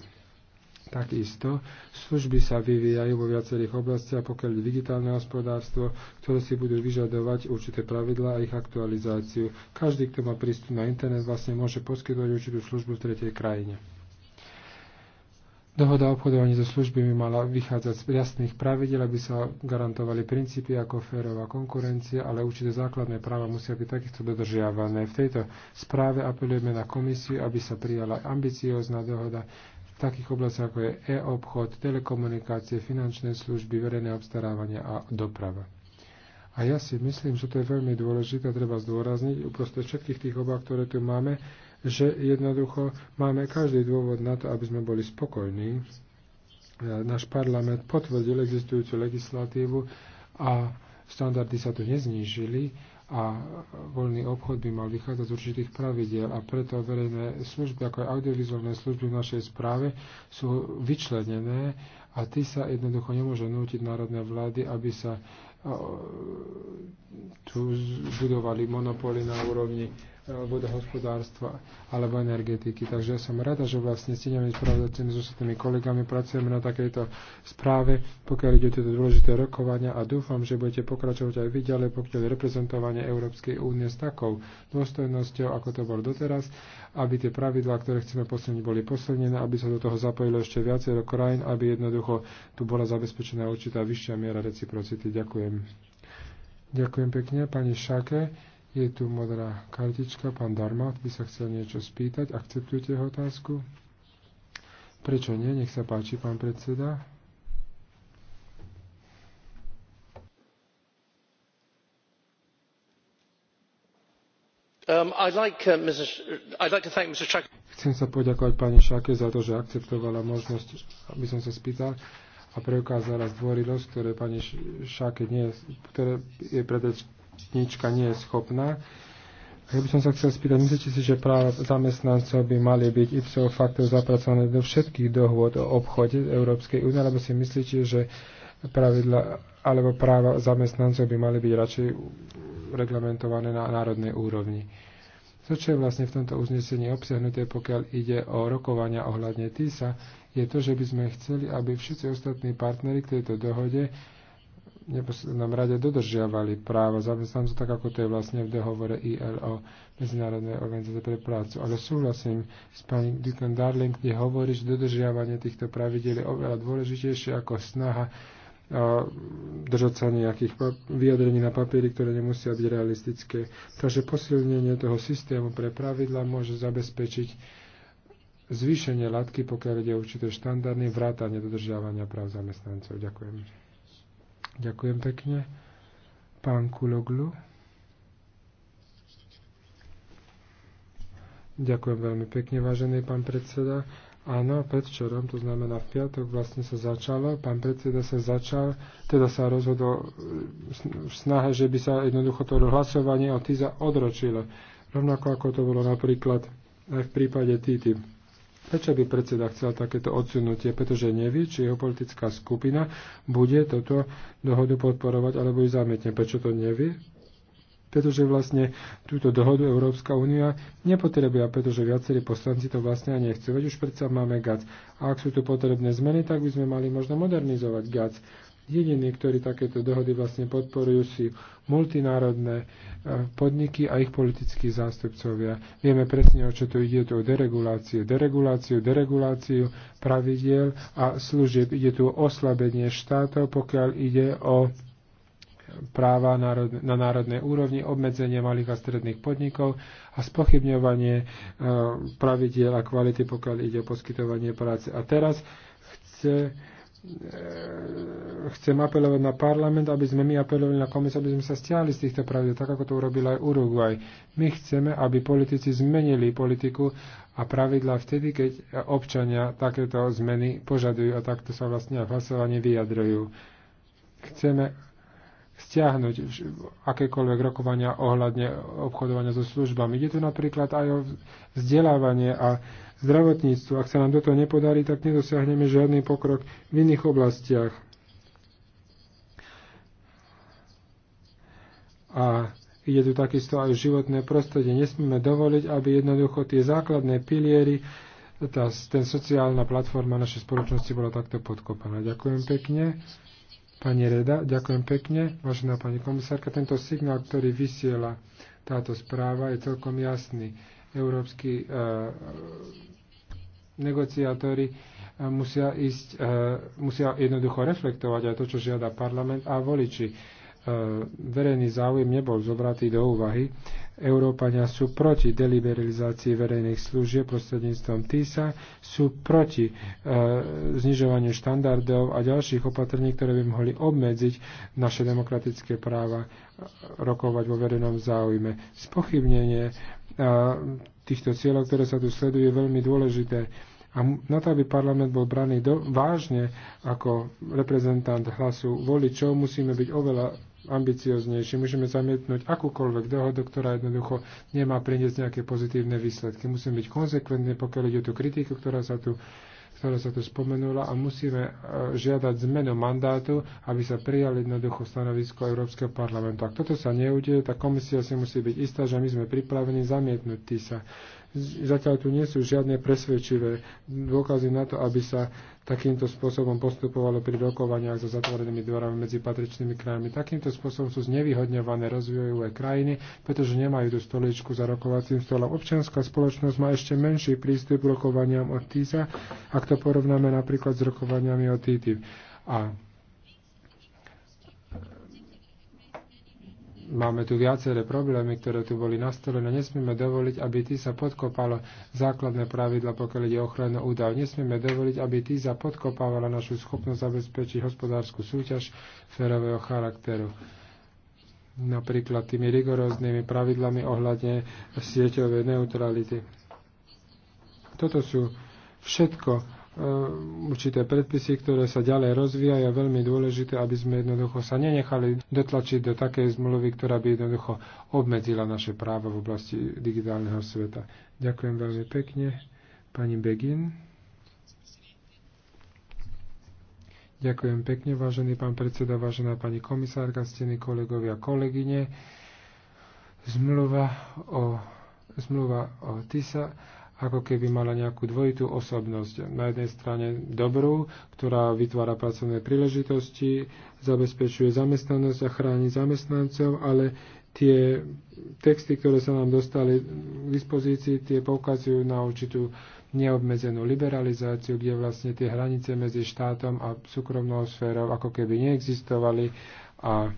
Takisto služby sa vyvíjajú vo viacerých oblastiach, pokiaľ digitálne hospodárstvo, ktoré si budú vyžadovať určité pravidlá a ich aktualizáciu. Každý, kto má prístup na internet, vlastne môže poskytovať určitú službu v tretej krajine. Dohoda o obchodovaní so službami mala vychádzať z jasných pravidel, aby sa garantovali princípy ako férová konkurencia, ale určité základné práva musia byť takisto dodržiavané. V tejto správe apelujeme na komisiu, aby sa prijala ambiciózna dohoda v takých oblastiach ako je e-obchod, telekomunikácie, finančné služby, verejné obstarávanie a doprava. A ja si myslím, že to je veľmi dôležité, treba zdôrazniť uprostred všetkých tých obav, ktoré tu máme, že jednoducho máme každý dôvod na to, aby sme boli spokojní. E, náš parlament potvrdil existujúcu legislatívu a standardy sa tu neznížili a voľný obchod by mal vychádzať z určitých pravidiel a preto verejné služby, ako aj audiovizuálne služby v našej správe sú vyčlenené a ty sa jednoducho nemôže nútiť národné vlády, aby sa e, tu budovali monopoly na úrovni e, vodohospodárstva alebo energetiky. Takže ja som rada, že vlastne s teňami spravodajcami so tými kolegami pracujeme na takejto správe, pokiaľ ide o tieto dôležité rokovania a dúfam, že budete pokračovať aj vy ďalej, pokiaľ reprezentovanie Európskej únie s takou dôstojnosťou, ako to bol doteraz, aby tie pravidlá, ktoré chceme posilniť, boli posilnené, aby sa do toho zapojilo ešte viacero krajín, aby jednoducho tu bola zabezpečená určitá vyššia miera reciprocity. Ďakujem. Ďakujem pekne, pani Šake. Je tu modrá kartička, pán Darmat by sa chcel niečo spýtať. Akceptujete jeho otázku? Prečo nie? Nech sa páči, pán predseda.
Um, I'd like, uh, I'd like to thank Mr. Chuck.
Chcem sa poďakovať pani Šake za to, že akceptovala možnosť, aby som sa spýtal, a preukázala zdvorilosť, ktoré pani Šáke nie, ktoré je predečnička nie je schopná. Ja by som sa chcel spýtať, myslíte si, že práva zamestnancov by mali byť ipso facto zapracované do všetkých dohôd o obchode Európskej únie, alebo si myslíte, že pravidla alebo práva zamestnancov by mali byť radšej reglementované na národnej úrovni? To, čo je vlastne v tomto uznesení obsiahnuté, pokiaľ ide o rokovania ohľadne TISA, je to, že by sme chceli, aby všetci ostatní partnery k tejto dohode nám rade dodržiavali práva zamestnancov, tak ako to je vlastne v dohovore ILO, Medzinárodnej organizácie pre prácu. Ale súhlasím s pani Dukon Darling, kde hovorí, že dodržiavanie týchto pravidel je oveľa dôležitejšie ako snaha a držať sa nejakých vyjadrení na papieri, ktoré nemusia byť realistické. Takže posilnenie toho systému pre pravidla môže zabezpečiť zvýšenie latky, pokiaľ ide určité štandardy, vrátanie dodržiavania práv zamestnancov. Ďakujem. Ďakujem pekne. Pán Kuloglu. Ďakujem veľmi pekne, vážený pán predseda. Áno, predvčerom, to znamená v piatok, vlastne sa začalo. Pán predseda sa začal, teda sa rozhodol v snahe, že by sa jednoducho to hlasovanie o TISA odročilo. Rovnako ako to bolo napríklad aj v prípade TTIP. Prečo by predseda chcel takéto odsunutie? Pretože nevie, či jeho politická skupina bude toto dohodu podporovať alebo ju zamietne. Prečo to nevie? Pretože vlastne túto dohodu Európska únia nepotrebuje, pretože viacerí poslanci to vlastne aj nechcú. Veď už predsa máme GAC. A ak sú tu potrebné zmeny, tak by sme mali možno modernizovať GAC. Jediní, ktorí takéto dohody vlastne podporujú, sú multinárodné e, podniky a ich politickí zástupcovia. Vieme presne, o čo tu ide, tu o dereguláciu, dereguláciu, dereguláciu pravidiel a služieb. Ide tu o oslabenie štátov, pokiaľ ide o práva na národnej úrovni, obmedzenie malých a stredných podnikov a spochybňovanie e, pravidiel a kvality, pokiaľ ide o poskytovanie práce. A teraz chce E, chcem apelovať na parlament, aby sme my apelovali na komisiu, aby sme sa stiahli z týchto pravidel, tak ako to urobil aj Uruguay. My chceme, aby politici zmenili politiku a pravidla vtedy, keď občania takéto zmeny požadujú a takto sa vlastne hlasovanie vyjadrujú. Chceme stiahnuť akékoľvek rokovania ohľadne obchodovania so službami. Ide tu napríklad aj o vzdelávanie a zdravotníctvo. Ak sa nám toto nepodarí, tak nedosiahneme žiadny pokrok v iných oblastiach. A ide tu takisto aj životné prostredie. Nesmieme dovoliť, aby jednoducho tie základné piliery, tá, ten sociálna platforma našej spoločnosti bola takto podkopaná. Ďakujem pekne. Pani Reda, ďakujem pekne, vážená pani komisárka. Tento signál, ktorý vysiela táto správa, je celkom jasný. Európsky e, negociátori eh, musia, ísť, e, musia jednoducho reflektovať aj to, čo žiada parlament a voliči. E, verejný záujem nebol zobratý do úvahy Európania sú proti deliberalizácii verejných služieb prostredníctvom TISA, sú proti e, znižovaniu štandardov a ďalších opatrení, ktoré by mohli obmedziť naše demokratické práva e, rokovať vo verejnom záujme. Spochybnenie e, týchto cieľov, ktoré sa tu sledujú, je veľmi dôležité. A na to, aby parlament bol braný do, vážne ako reprezentant hlasu voličov, musíme byť oveľa ambicioznejší. Musíme zamietnúť akúkoľvek dohodu, ktorá jednoducho nemá priniesť nejaké pozitívne výsledky. Musíme byť konsekventní, pokiaľ ide o tú kritiku, ktorá sa tu ktorá sa tu spomenula a musíme e, žiadať zmenu mandátu, aby sa prijali jednoducho stanovisko Európskeho parlamentu. Ak toto sa neudeje, tak komisia si musí byť istá, že my sme pripravení zamietnúť sa. Zatiaľ tu nie sú žiadne presvedčivé dôkazy na to, aby sa takýmto spôsobom postupovalo pri rokovaniach so zatvorenými dverami medzi patričnými krajami. Takýmto spôsobom sú znevýhodňované rozvojové krajiny, pretože nemajú tú stoličku za rokovacím stolom. Občianská spoločnosť má ešte menší prístup k rokovaniam od TISA, ak to porovnáme napríklad s rokovaniami od TTIP. A máme tu viaceré problémy, ktoré tu boli nastolené. Nesmieme dovoliť, aby sa podkopalo základné pravidla, pokiaľ ide ochranu údajov. Nesmieme dovoliť, aby sa podkopávala našu schopnosť zabezpečiť hospodárskú súťaž férového charakteru napríklad tými rigoróznymi pravidlami ohľadne sieťovej neutrality. Toto sú všetko Eh, určité predpisy, ktoré sa ďalej rozvíjajú a veľmi dôležité, aby sme jednoducho sa nenechali dotlačiť do takej zmluvy, ktorá by jednoducho obmedzila naše práva v oblasti digitálneho sveta. Ďakujem veľmi pekne. Pani Begin. Ďakujem pekne, vážený pán predseda, vážená pani komisárka, stení kolegovia, kolegyne. Zmluva o, zmluva o TISA ako keby mala nejakú dvojitú osobnosť. Na jednej strane dobrú, ktorá vytvára pracovné príležitosti, zabezpečuje zamestnanosť a chráni zamestnancov, ale tie texty, ktoré sa nám dostali k dispozícii, tie poukazujú na určitú neobmedzenú liberalizáciu, kde vlastne tie hranice medzi štátom a súkromnou sférou ako keby neexistovali a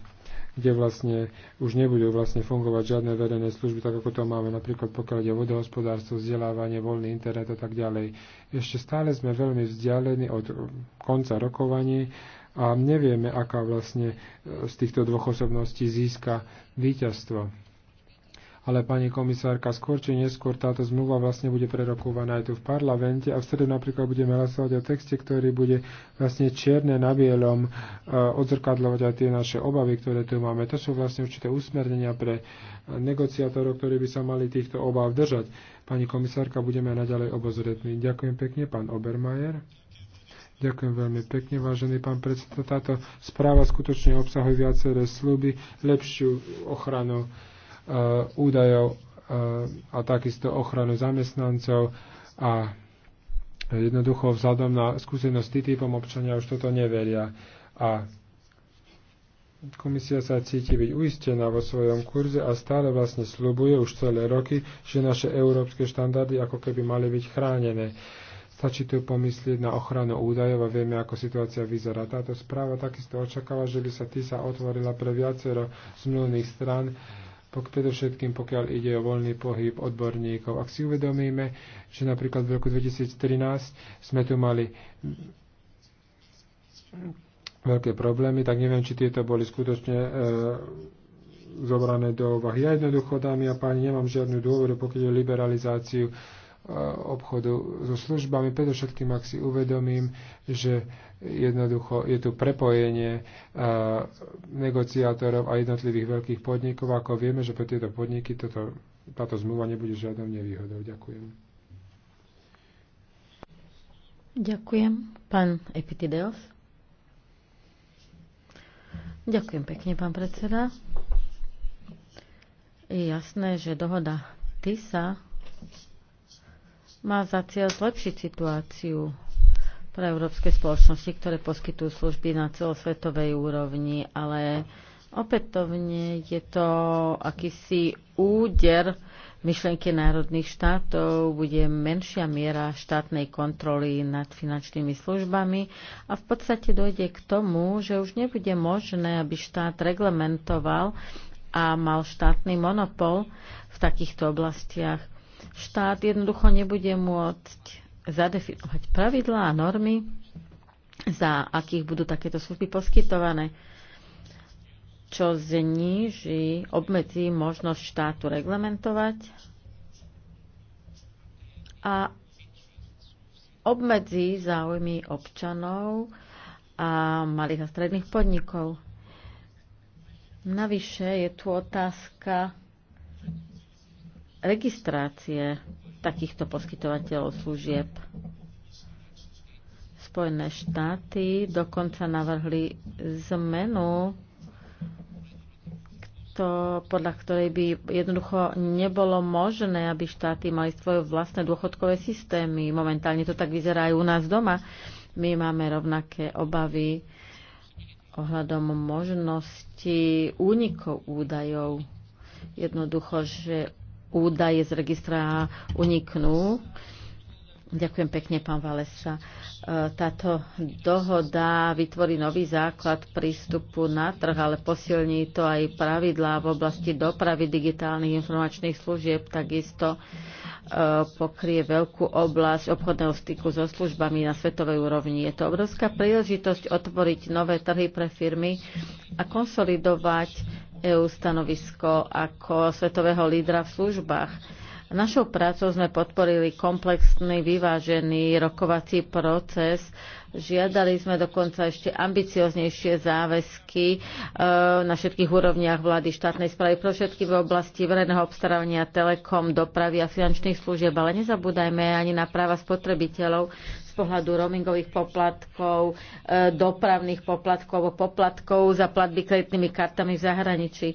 kde vlastne už nebudú vlastne fungovať žiadne verejné služby, tak ako to máme napríklad pokiaľ ide vodohospodárstvo, vzdelávanie, voľný internet a tak ďalej. Ešte stále sme veľmi vzdialení od konca rokovaní a nevieme, aká vlastne z týchto dvoch osobností získa víťazstvo. Ale pani komisárka, skôr či neskôr táto zmluva vlastne bude prerokovaná aj tu v parlamente a v stredu napríklad budeme hlasovať o texte, ktorý bude vlastne čierne na bielom e, odzrkadľovať aj tie naše obavy, ktoré tu máme. To sú vlastne určité usmernenia pre e, negociátorov, ktorí by sa mali týchto obav držať. Pani komisárka, budeme naďalej obozretní. Ďakujem pekne, pán Obermajer. Ďakujem veľmi pekne, vážený pán predseda. Táto správa skutočne obsahuje viaceré sluby, lepšiu ochranu Eh, údajov eh, a takisto ochranu zamestnancov a jednoducho vzhľadom na skúsenosť typom občania už toto neveria. A Komisia sa cíti byť uistená vo svojom kurze a stále vlastne slubuje už celé roky, že naše európske štandardy ako keby mali byť chránené. Stačí tu pomyslieť na ochranu údajov a vieme, ako situácia vyzerá. Táto správa takisto očakáva, že by sa TISA otvorila pre viacero zmluvných strán, pok, predovšetkým pokiaľ ide o voľný pohyb odborníkov. Ak si uvedomíme, že napríklad v roku 2013 sme tu mali veľké problémy, tak neviem, či tieto boli skutočne e, zobrané do úvahy. Ja jednoducho, dámy a páni, nemám žiadnu dôveru, pokiaľ je liberalizáciu obchodu so službami, predovšetkým ak si uvedomím, že jednoducho je tu prepojenie negociátorov a jednotlivých veľkých podnikov. Ako vieme, že pre tieto podniky toto, táto zmluva nebude žiadnou nevýhodou. Ďakujem.
Ďakujem. Pán Epitideos. Ďakujem pekne, pán predseda. Je jasné, že dohoda TISA má za cieľ zlepšiť situáciu pre európske spoločnosti, ktoré poskytujú služby na celosvetovej úrovni, ale opätovne je to akýsi úder myšlenky národných štátov, bude menšia miera štátnej kontroly nad finančnými službami a v podstate dojde k tomu, že už nebude možné, aby štát reglementoval a mal štátny monopol v takýchto oblastiach štát jednoducho nebude môcť zadefinovať pravidlá a normy, za akých budú takéto služby poskytované, čo zniží, obmedzí možnosť štátu reglementovať a obmedzí záujmy občanov a malých a stredných podnikov. Navyše je tu otázka registrácie takýchto poskytovateľov služieb. Spojené štáty dokonca navrhli zmenu, kto, podľa ktorej by jednoducho nebolo možné, aby štáty mali svoje vlastné dôchodkové systémy. Momentálne to tak vyzerá aj u nás doma. My máme rovnaké obavy ohľadom možnosti únikov údajov jednoducho, že údaje z registra uniknú. Ďakujem pekne, pán Valesa. E, táto dohoda vytvorí nový základ prístupu na trh, ale posilní to aj pravidlá v oblasti dopravy digitálnych informačných služieb, takisto e, pokrie veľkú oblasť obchodného styku so službami na svetovej úrovni. Je to obrovská príležitosť otvoriť nové trhy pre firmy a konsolidovať EU stanovisko ako svetového lídra v službách. Našou prácou sme podporili komplexný, vyvážený rokovací proces. Žiadali sme dokonca ešte ambicioznejšie záväzky e, na všetkých úrovniach vlády štátnej správy, pro všetky v oblasti verejného obstarávania, telekom, dopravy a finančných služieb. Ale nezabúdajme ani na práva spotrebiteľov, pohľadu roamingových poplatkov, e, dopravných poplatkov, poplatkov za platby kreditnými kartami v zahraničí.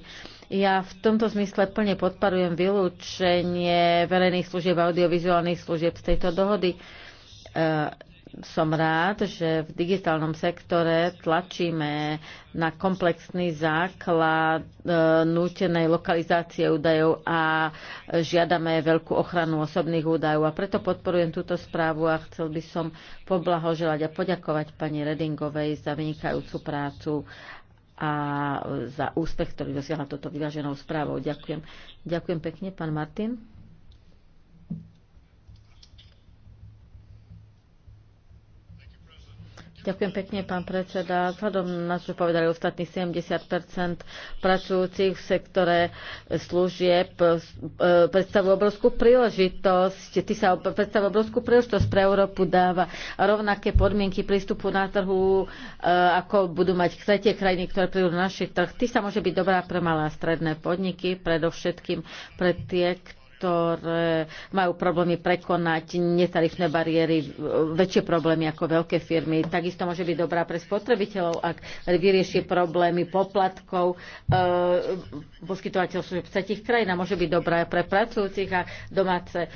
Ja v tomto zmysle plne podporujem vylúčenie verejných služieb a audiovizuálnych služieb z tejto dohody e, som rád, že v digitálnom sektore tlačíme na komplexný základ e, nútenej lokalizácie údajov a žiadame veľkú ochranu osobných údajov. A preto podporujem túto správu a chcel by som poblahoželať a poďakovať pani Redingovej za vynikajúcu prácu a za úspech, ktorý dosiahla toto vyváženou správou. Ďakujem. Ďakujem pekne, pán Martin. Ďakujem pekne, pán predseda. Vzhľadom na čo povedali ostatní 70 pracujúcich v sektore služieb e, predstavujú obrovskú príležitosť. Ty sa predstavujú obrovskú príležitosť pre Európu dáva rovnaké podmienky prístupu na trhu, e, ako budú mať tretie krajiny, ktoré prídu na našich trh. Ty sa môže byť dobrá pre malé a stredné podniky, predovšetkým pre tie, ktoré majú problémy prekonať netarifné bariéry, väčšie problémy ako veľké firmy. Takisto môže byť dobrá pre spotrebiteľov, ak vyrieši problémy poplatkov, e, poskytovateľ služieb tretich krajín a môže byť dobrá pre pracujúcich a domáce e,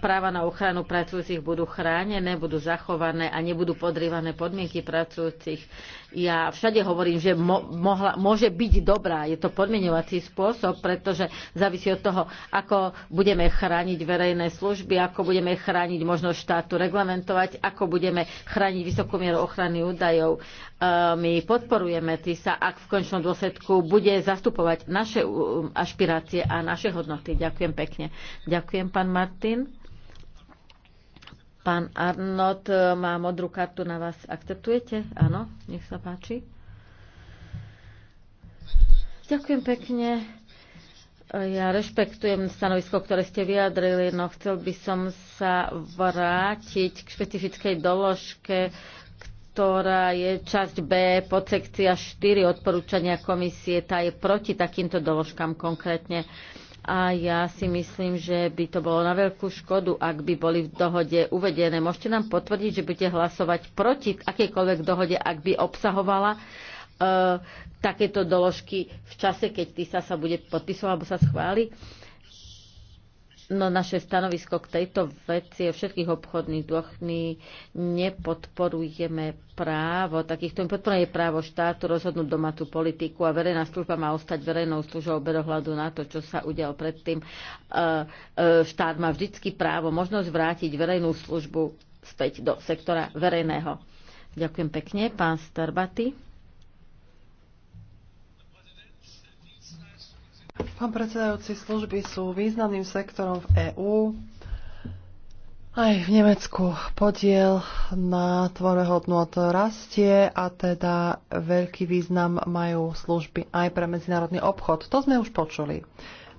práva na ochranu pracujúcich budú chránené, budú zachované a nebudú podrývané podmienky pracujúcich ja všade hovorím, že mo, mohla, môže byť dobrá. Je to podmienovací spôsob, pretože závisí od toho, ako budeme chrániť verejné služby, ako budeme chrániť možnosť štátu reglamentovať, ako budeme chrániť vysokú mieru ochrany údajov. E, my podporujeme TISA, ak v končnom dôsledku bude zastupovať naše um, ašpirácie a naše hodnoty. Ďakujem pekne. Ďakujem, pán Martin. Pán Arnott e, má modrú kartu na vás. Akceptujete? Áno, nech sa páči. Ďakujem pekne. E, ja rešpektujem stanovisko, ktoré ste vyjadrili, no chcel by som sa vrátiť k špecifickej doložke, ktorá je časť B, podsekcia 4 odporúčania komisie. Tá je proti takýmto doložkám konkrétne a ja si myslím, že by to bolo na veľkú škodu, ak by boli v dohode uvedené. Môžete nám potvrdiť, že budete hlasovať proti akejkoľvek dohode, ak by obsahovala e, takéto doložky v čase, keď TISA sa bude podpisovať alebo sa schváli? No naše stanovisko k tejto veci je všetkých obchodných dôch. My nepodporujeme právo, takýchto podporuje právo štátu rozhodnúť domácu politiku a verejná služba má ostať verejnou službou bez ohľadu na to, čo sa udial predtým. E, e, štát má vždycky právo, možnosť vrátiť verejnú službu späť do sektora verejného. Ďakujem pekne, pán Starbaty.
Pán predsedajúci, služby sú významným sektorom v EÚ. Aj v Nemecku podiel na tvore hodnot rastie a teda veľký význam majú služby aj pre medzinárodný obchod. To sme už počuli.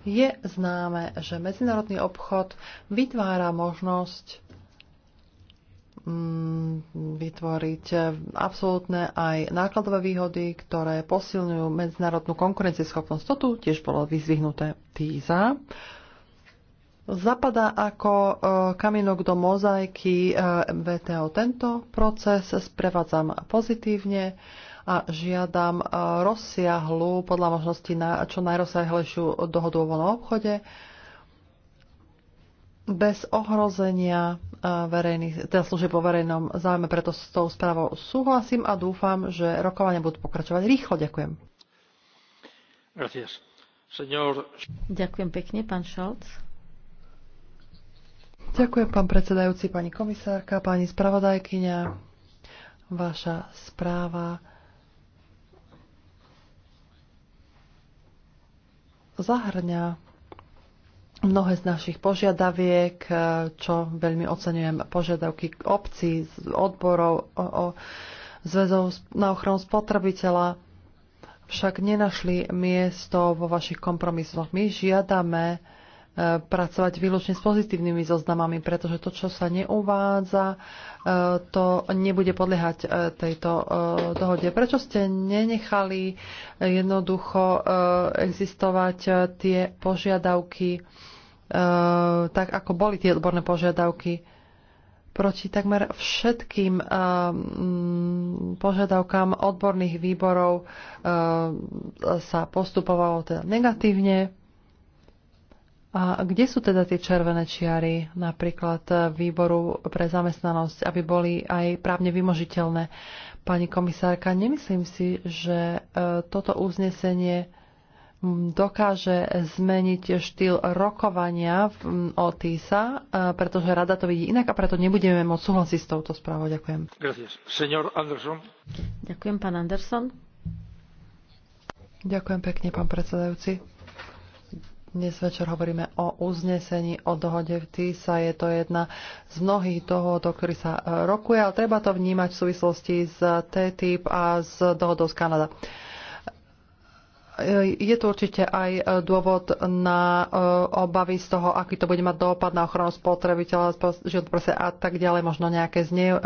Je známe, že medzinárodný obchod vytvára možnosť Mm, vytvoriť absolútne aj nákladové výhody, ktoré posilňujú medzinárodnú konkurencieschopnosť. To tu tiež bolo vyzvihnuté TISA. Zapadá ako e, kamienok do mozaiky e, VTO tento proces, sprevádzam pozitívne a žiadam e, rozsiahlu, podľa možnosti na čo najrozsiahlejšiu dohodu o voľnom obchode, bez ohrozenia eh, verejných, teda služieb po verejnom záujme. Preto s tou správou súhlasím a dúfam, že rokovania budú pokračovať rýchlo. Ďakujem. Senor... Ďakujem pekne, pán Šolc. Ďakujem, pán predsedajúci, pani komisárka, pani spravodajkyňa. Vaša správa zahrňa mnohé z našich požiadaviek, eh, čo veľmi oceňujem, požiadavky obcí, odborov, o, o, zväzov na ochranu spotrebiteľa, však nenašli miesto vo vašich kompromisoch. My žiadame eh, pracovať výlučne s pozitívnymi zoznamami, pretože to, čo sa neuvádza, eh, to nebude podliehať tejto dohode. Prečo ste nenechali jednoducho existovať tie požiadavky Eh, tak ako boli tie odborné požiadavky proti takmer všetkým eh, mm, požiadavkám odborných výborov eh, sa postupovalo teda negatívne. A kde sú teda tie červené čiary napríklad výboru pre zamestnanosť, aby boli aj právne vymožiteľné? Pani komisárka, nemyslím si, že toto uznesenie dokáže zmeniť štýl rokovania o TISA, e, pretože rada to vidí inak a preto nebudeme môcť súhlasiť s touto správou. Ďakujem. Ďakujem, pán Anderson. Ďakujem pekne, pán predsedajúci. Dnes večer hovoríme o uznesení o dohode v TISA. Je to jedna z mnohých dohod, o ktorých sa e, rokuje, ale treba to vnímať v súvislosti s TTIP a s dohodou z Kanada je tu určite aj e, dôvod na e, obavy z toho, aký to bude mať dopad na ochranu spotrebiteľa, život proste a tak ďalej, možno nejaké zne, e,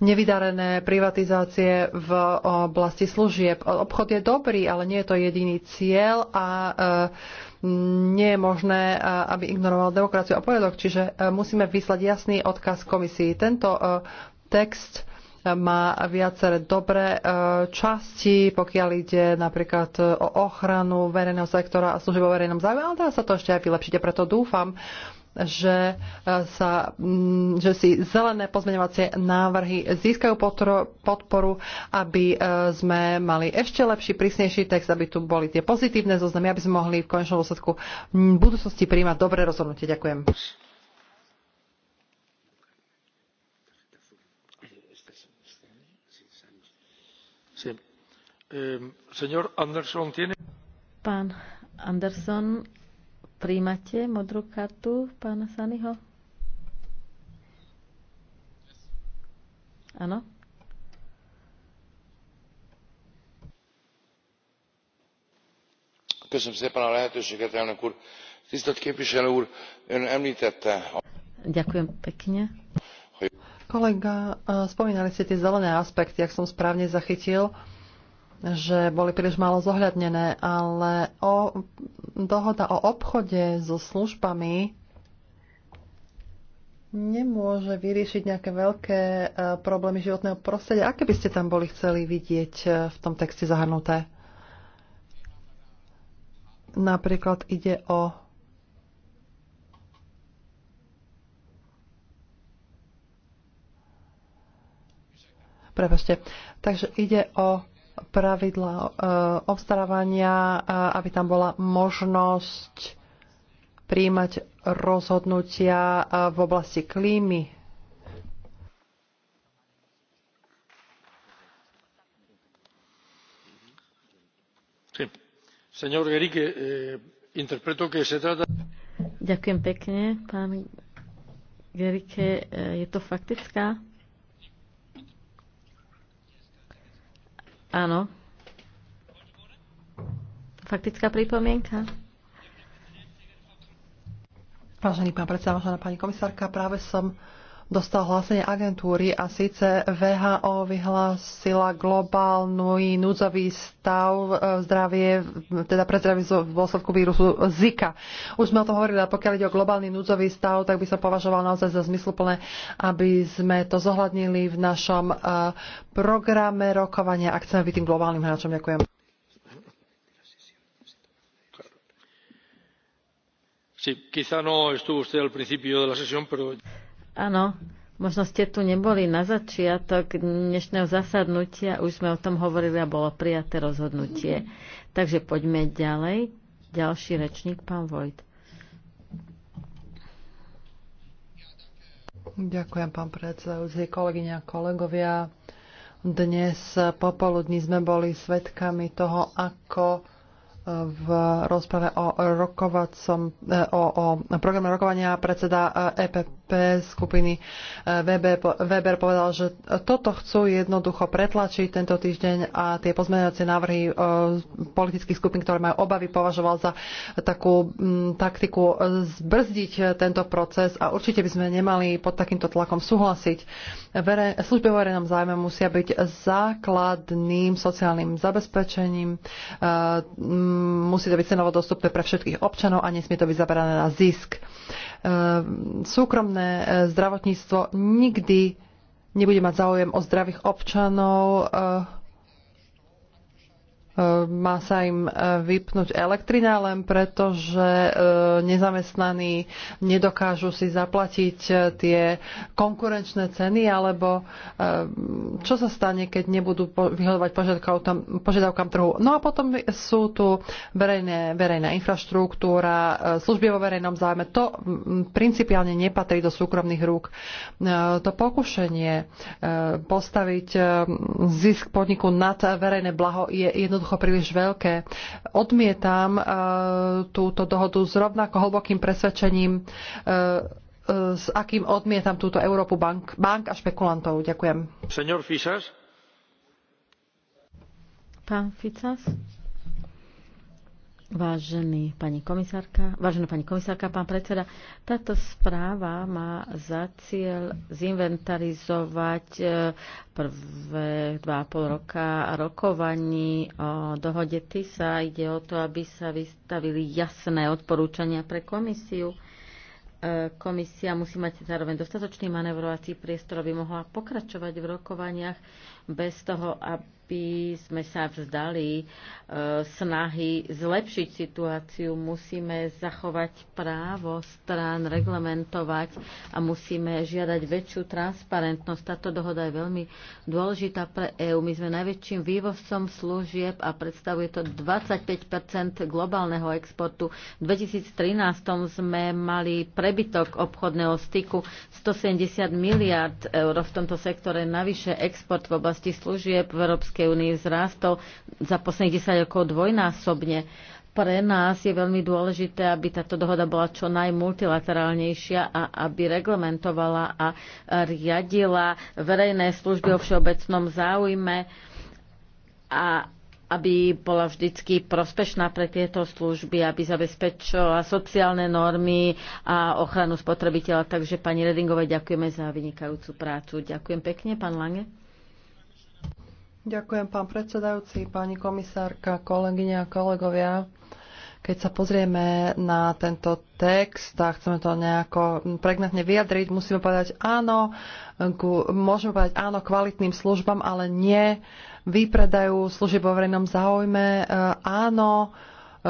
nevydarené privatizácie v oblasti služieb. Obchod je dobrý, ale nie je to jediný cieľ a nie je možné, aby ignoroval demokraciu a poriadok. Čiže musíme vyslať jasný odkaz komisii. Tento text má viaceré dobré e, časti, pokiaľ ide napríklad o ochranu verejného sektora a služby o verejnom záujme, ale dá sa to ešte aj vylepšiť a preto dúfam, že, e, sa, že si zelené pozmeňovacie návrhy získajú podporu, aby e, sme mali ešte lepší, prísnejší text, aby tu boli tie pozitívne zoznamy, aby sme mohli v konečnom dôsledku v budúcnosti príjmať dobré rozhodnutie. Ďakujem.
Ehm,
Pán Anderson, príjmate modrú kartu pána Saniho? Áno.
Köszönöm szépen a lehetőséget, elnök úr. Tisztelt képviselő úr, ön említette...
Ďakujem pekne. Kolega, eh, spomínali ste tie zelené aspekty, ak som správne zachytil že boli príliš málo zohľadnené, ale o, dohoda o obchode so službami nemôže vyriešiť nejaké veľké e, problémy životného prostredia. Aké by ste tam boli chceli vidieť e, v tom texte zahrnuté? Napríklad ide o Prepašte. Takže ide o pravidla e, obstarávania, e, aby tam bola možnosť príjmať rozhodnutia e, v oblasti klímy.
Eh,
Ďakujem pekne, pán Gerike. Eh, je to faktická? Áno. Faktická pripomienka.
Vážený pán predseda, vážená pani komisárka, práve som dostal hlásenie agentúry a síce VHO vyhlásila globálny núdzový stav e, zdravie, teda pre zdravie v dôsledku vírusu Zika. Už sme o to hovorili, a pokiaľ ide o globálny núdzový stav, tak by som považoval naozaj za zmysluplné, aby sme to zohľadnili v našom e, programe rokovania, a chceme byť tým globálnym hráčom. Ďakujem.
Sí, quizá no estuvo usted al principio de la sesión, pero
Áno,
možno ste tu neboli na začiatok dnešného zasadnutia, už sme o tom hovorili a bolo prijaté rozhodnutie. Takže poďme ďalej. Ďalší rečník, pán Vojt.
Ďakujem, pán predsedajúci, kolegyňa, kolegovia. Dnes popoludní sme boli svedkami toho, ako v rozprave o, rokovacom, e, o, o programe rokovania predseda EPP VP skupiny eh, Weber, Weber povedal, že toto chcú jednoducho pretlačiť tento týždeň a tie pozmeňujúce návrhy eh, politických skupín, ktoré majú obavy, považoval za takú mm, taktiku eh, zbrzdiť tento proces a určite by sme nemali pod takýmto tlakom súhlasiť. Vere, služby v verejnom zájme musia byť základným sociálnym zabezpečením, musí to byť cenovo dostupné pre všetkých občanov a nesmie to byť zaberané na zisk. Ehm, súkromné eh, zdravotníctvo nikdy nebude mať záujem o zdravých občanov, ehm, E, má sa im e, vypnúť elektrina len preto, že e, nezamestnaní nedokážu si zaplatiť tie konkurenčné ceny, alebo čo sa stane, keď nebudú vyhľadovať požiadavkám trhu. No a potom sú tu verejné, verejná infraštruktúra, služby vo verejnom záujme. To principiálne nepatrí do súkromných rúk. To pokušenie postaviť zisk podniku nad verejné blaho je jednoducho jednoducho príliš veľké. Odmietam e, túto dohodu s rovnako hlbokým presvedčením, e, e, s akým odmietam túto Európu bank, bank a špekulantov. Ďakujem.
Pán Ficas. Vážený pani komisárka, vážená pani komisárka, pán predseda, táto správa má za cieľ zinventarizovať e, prvé dva a pol roka rokovaní o dohode TISA. Ide o to, aby sa vystavili jasné odporúčania pre komisiu. E, komisia musí mať zároveň dostatočný manevrovací priestor, aby mohla pokračovať v rokovaniach bez toho, aby by sme sa vzdali e, snahy zlepšiť situáciu. Musíme zachovať právo strán, reglementovať a musíme žiadať väčšiu transparentnosť. Táto dohoda je veľmi dôležitá pre EÚ. My sme najväčším vývozcom služieb a predstavuje to 25 globálneho exportu. V 2013 sme mali prebytok obchodného styku 170 miliard eur v tomto sektore. Navyše export v oblasti služieb v Európskej Európskej únii vzrástol za posledných 10 rokov dvojnásobne. Pre nás je veľmi dôležité, aby táto dohoda bola čo najmultilaterálnejšia a aby reglementovala a riadila verejné služby o všeobecnom záujme a aby bola vždycky prospešná pre tieto služby, aby zabezpečila sociálne normy a ochranu spotrebiteľa. Takže pani Redingovej ďakujeme za vynikajúcu prácu. Ďakujem pekne, pán Lange.
Ďakujem, pán predsedajúci, pani komisárka, kolegyne a kolegovia. Keď sa pozrieme na tento text a chceme to nejako pregnatne vyjadriť, musíme povedať áno, ku, môžeme povedať áno kvalitným službám, ale nie výpredajú služieb vo verejnom záujme, e, áno Eh,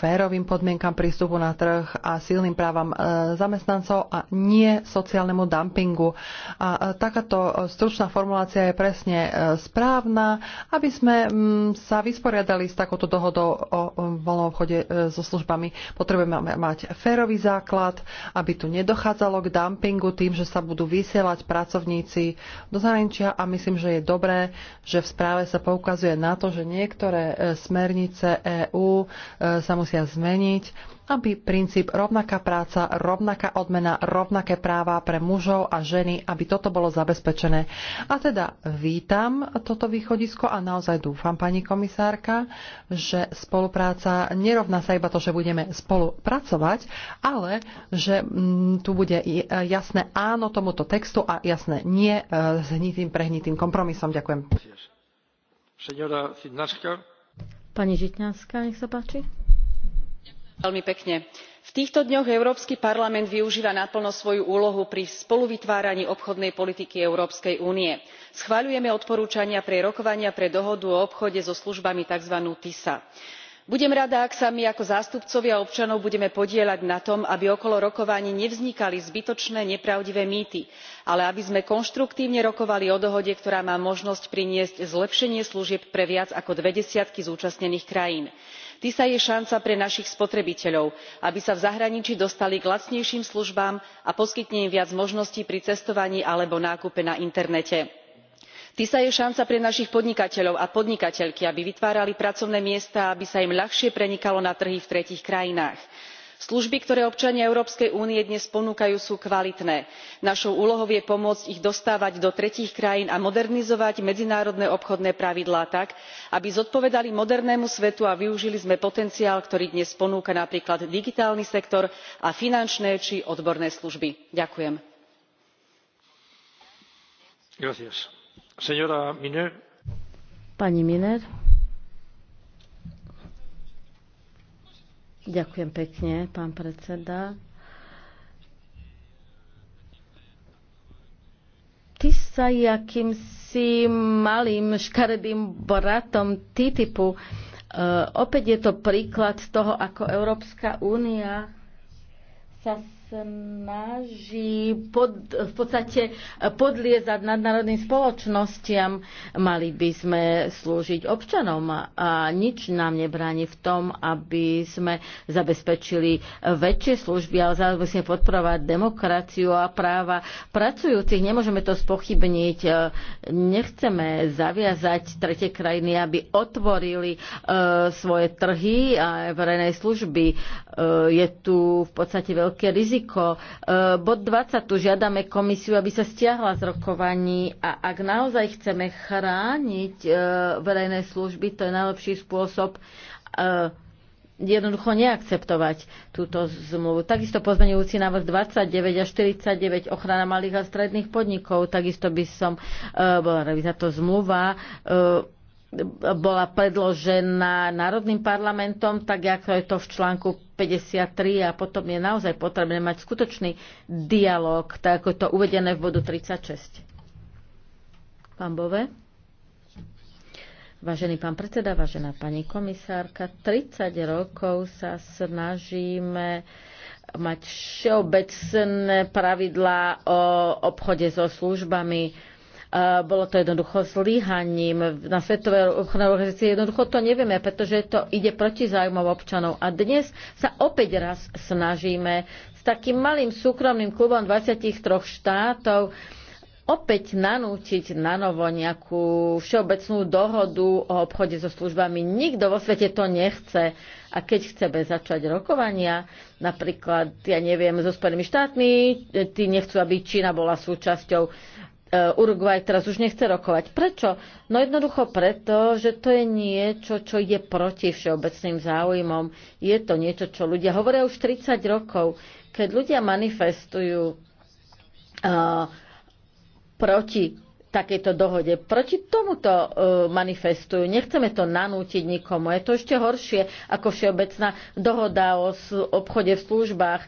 férovým podmienkam prístupu na trh a silným právam eh, zamestnancov a nie sociálnemu dumpingu. A eh, takáto stručná formulácia je presne správna, aby sme mm, sa vysporiadali s takouto dohodou o voľnom obchode so službami. Potrebujeme mať férový základ, aby tu nedochádzalo k dumpingu tým, že sa budú vysielať pracovníci do zahraničia a myslím, že je dobré, že v správe sa poukazuje na to, že niektoré smernice EÚ E, sa musia zmeniť, aby princíp rovnaká práca, rovnaká odmena, rovnaké práva pre mužov a ženy, aby toto bolo zabezpečené. A teda vítam toto východisko a naozaj dúfam, pani komisárka, že spolupráca nerovná sa iba to, že budeme spolupracovať, ale že mm, tu bude e, jasné áno tomuto textu a jasné nie e, s hnitým prehnitým kompromisom. Ďakujem. Señora Pani Žitňanská, nech sa páči.
Veľmi pekne. V týchto dňoch Európsky parlament využíva naplno svoju úlohu pri spoluvytváraní obchodnej politiky Európskej únie. Schvaľujeme odporúčania pre rokovania pre dohodu o obchode so službami tzv. TISA budem rada ak sa my ako zástupcovia občanov budeme podieľať na tom aby okolo rokovaní nevznikali zbytočné nepravdivé mýty ale aby sme konštruktívne rokovali o dohode ktorá má možnosť priniesť zlepšenie služieb pre viac ako dve desiatky zúčastnených krajín. tisa je šanca pre našich spotrebiteľov aby sa v zahraničí dostali k lacnejším službám a poskytne im viac možností pri cestovaní alebo nákupe na internete tisa je šanca pre našich podnikateľov a podnikateľky aby vytvárali pracovné miesta a aby sa im ľahšie prenikalo na trhy v tretích krajinách. služby ktoré občania európskej únie dnes ponúkajú sú kvalitné. našou úlohou je pomôcť ich dostávať do tretích krajín a modernizovať medzinárodné obchodné pravidlá tak aby zodpovedali modernému svetu a využili sme potenciál ktorý dnes ponúka napríklad digitálny sektor a finančné či odborné služby. ďakujem.
Pani Miner. Ďakujem pekne, pán predseda. Ty sa jakýmsi malým škaredým bratom TTIPu. E, opäť je to príklad toho, ako Európska únia sa snaží pod, v podstate podliezať nadnárodným spoločnostiam. Mali by sme slúžiť občanom a nič nám nebráni v tom, aby sme zabezpečili väčšie služby, ale zároveň musíme podporovať demokraciu a práva pracujúcich. Nemôžeme to spochybniť. Nechceme zaviazať tretie krajiny, aby otvorili e, svoje trhy a verejné služby Eh, je tu v podstate veľké riziko. Eh, bod 20 tu žiadame komisiu, aby sa stiahla z rokovaní a ak naozaj chceme chrániť eh, verejné služby, to je najlepší spôsob jednoducho neakceptovať túto zmluvu. Takisto pozmenujúci návrh 29 až 49 ochrana malých a stredných podnikov, takisto by som bola to zmluva bola predložená Národným parlamentom, tak ako je to v článku 53 a potom je naozaj potrebné mať skutočný dialog, tak ako je to uvedené v bodu 36. Pán Bove? Vážený pán predseda, vážená pani komisárka, 30 rokov sa snažíme mať všeobecné pravidlá o obchode so službami Eh, bolo to jednoducho zlyhaním na Svetovej obchodnej organizácii. Jednoducho to nevieme, pretože to ide proti zájmom občanov. A dnes sa opäť raz snažíme s takým malým súkromným klubom 23 štátov opäť nanútiť na novo nejakú všeobecnú dohodu o obchode so službami. Nikto vo svete to nechce. A keď chceme začať rokovania, napríklad, ja neviem, so Spojenými štátmi, eh, tí nechcú, aby Čína bola súčasťou Eh, Uruguay teraz už nechce rokovať. Prečo? No jednoducho preto, že to je niečo, čo ide proti všeobecným záujmom. Je to niečo, čo ľudia hovoria už 30 rokov. Keď ľudia manifestujú uh, proti takejto dohode. Proti tomuto uh, manifestujú. Nechceme to nanútiť nikomu. Je to ešte horšie ako všeobecná dohoda o obchode v službách.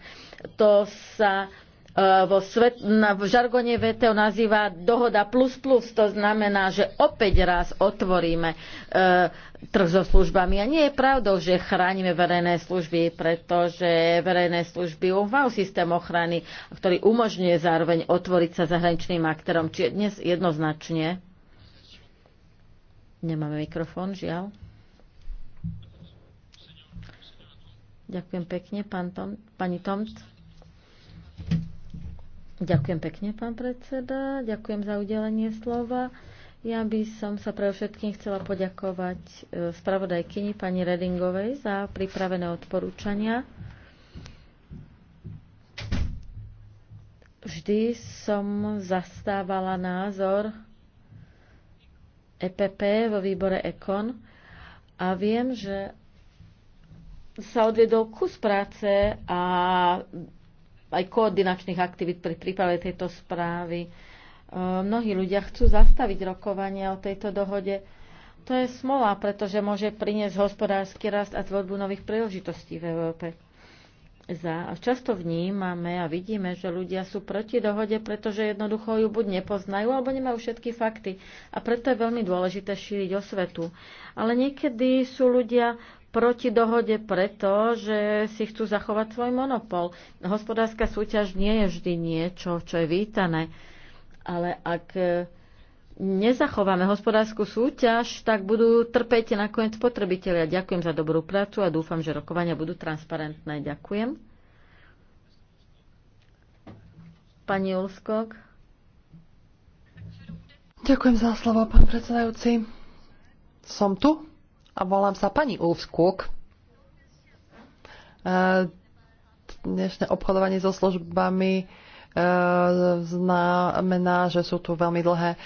To sa E, vo svet, na, v žargone VTO nazýva dohoda plus plus, to znamená, že opäť raz otvoríme e, trh so službami. A nie je pravdou, že chránime verejné služby, pretože verejné služby majú systém ochrany, ktorý umožňuje zároveň otvoriť sa zahraničným aktérom. Čiže dnes jednoznačne. Nemáme mikrofón, žiaľ. Ďakujem pekne, pán Tom, pani Tomt. Ďakujem pekne, pán predseda. Ďakujem za udelenie slova. Ja by som sa pre všetkým chcela poďakovať e, spravodajkyni pani Redingovej za pripravené odporúčania. Vždy som zastávala názor EPP vo výbore EKON a viem, že sa odvedol kus práce a aj koordinačných aktivít pri príprave tejto správy. E, mnohí ľudia chcú zastaviť rokovania o tejto dohode. To je smola, pretože môže priniesť hospodársky rast a tvorbu nových príležitostí v Európe. Za, často vnímame a vidíme, že ľudia sú proti dohode, pretože jednoducho ju buď nepoznajú, alebo nemajú všetky fakty. A preto je veľmi dôležité šíriť osvetu. Ale niekedy sú ľudia proti dohode preto, že si chcú zachovať svoj monopol. Hospodárska súťaž nie je vždy niečo, čo je vítané, ale ak e, nezachováme hospodárskú súťaž, tak budú trpeť nakoniec spotrebitelia. Ďakujem za dobrú prácu a dúfam, že rokovania budú transparentné. Ďakujem. Pani Ulskok.
Ďakujem za slovo, pán predsedajúci. Som tu? a volám sa pani Ulfskuk. E, dnešné obchodovanie so službami e, znamená, že sú tu veľmi dlhé e,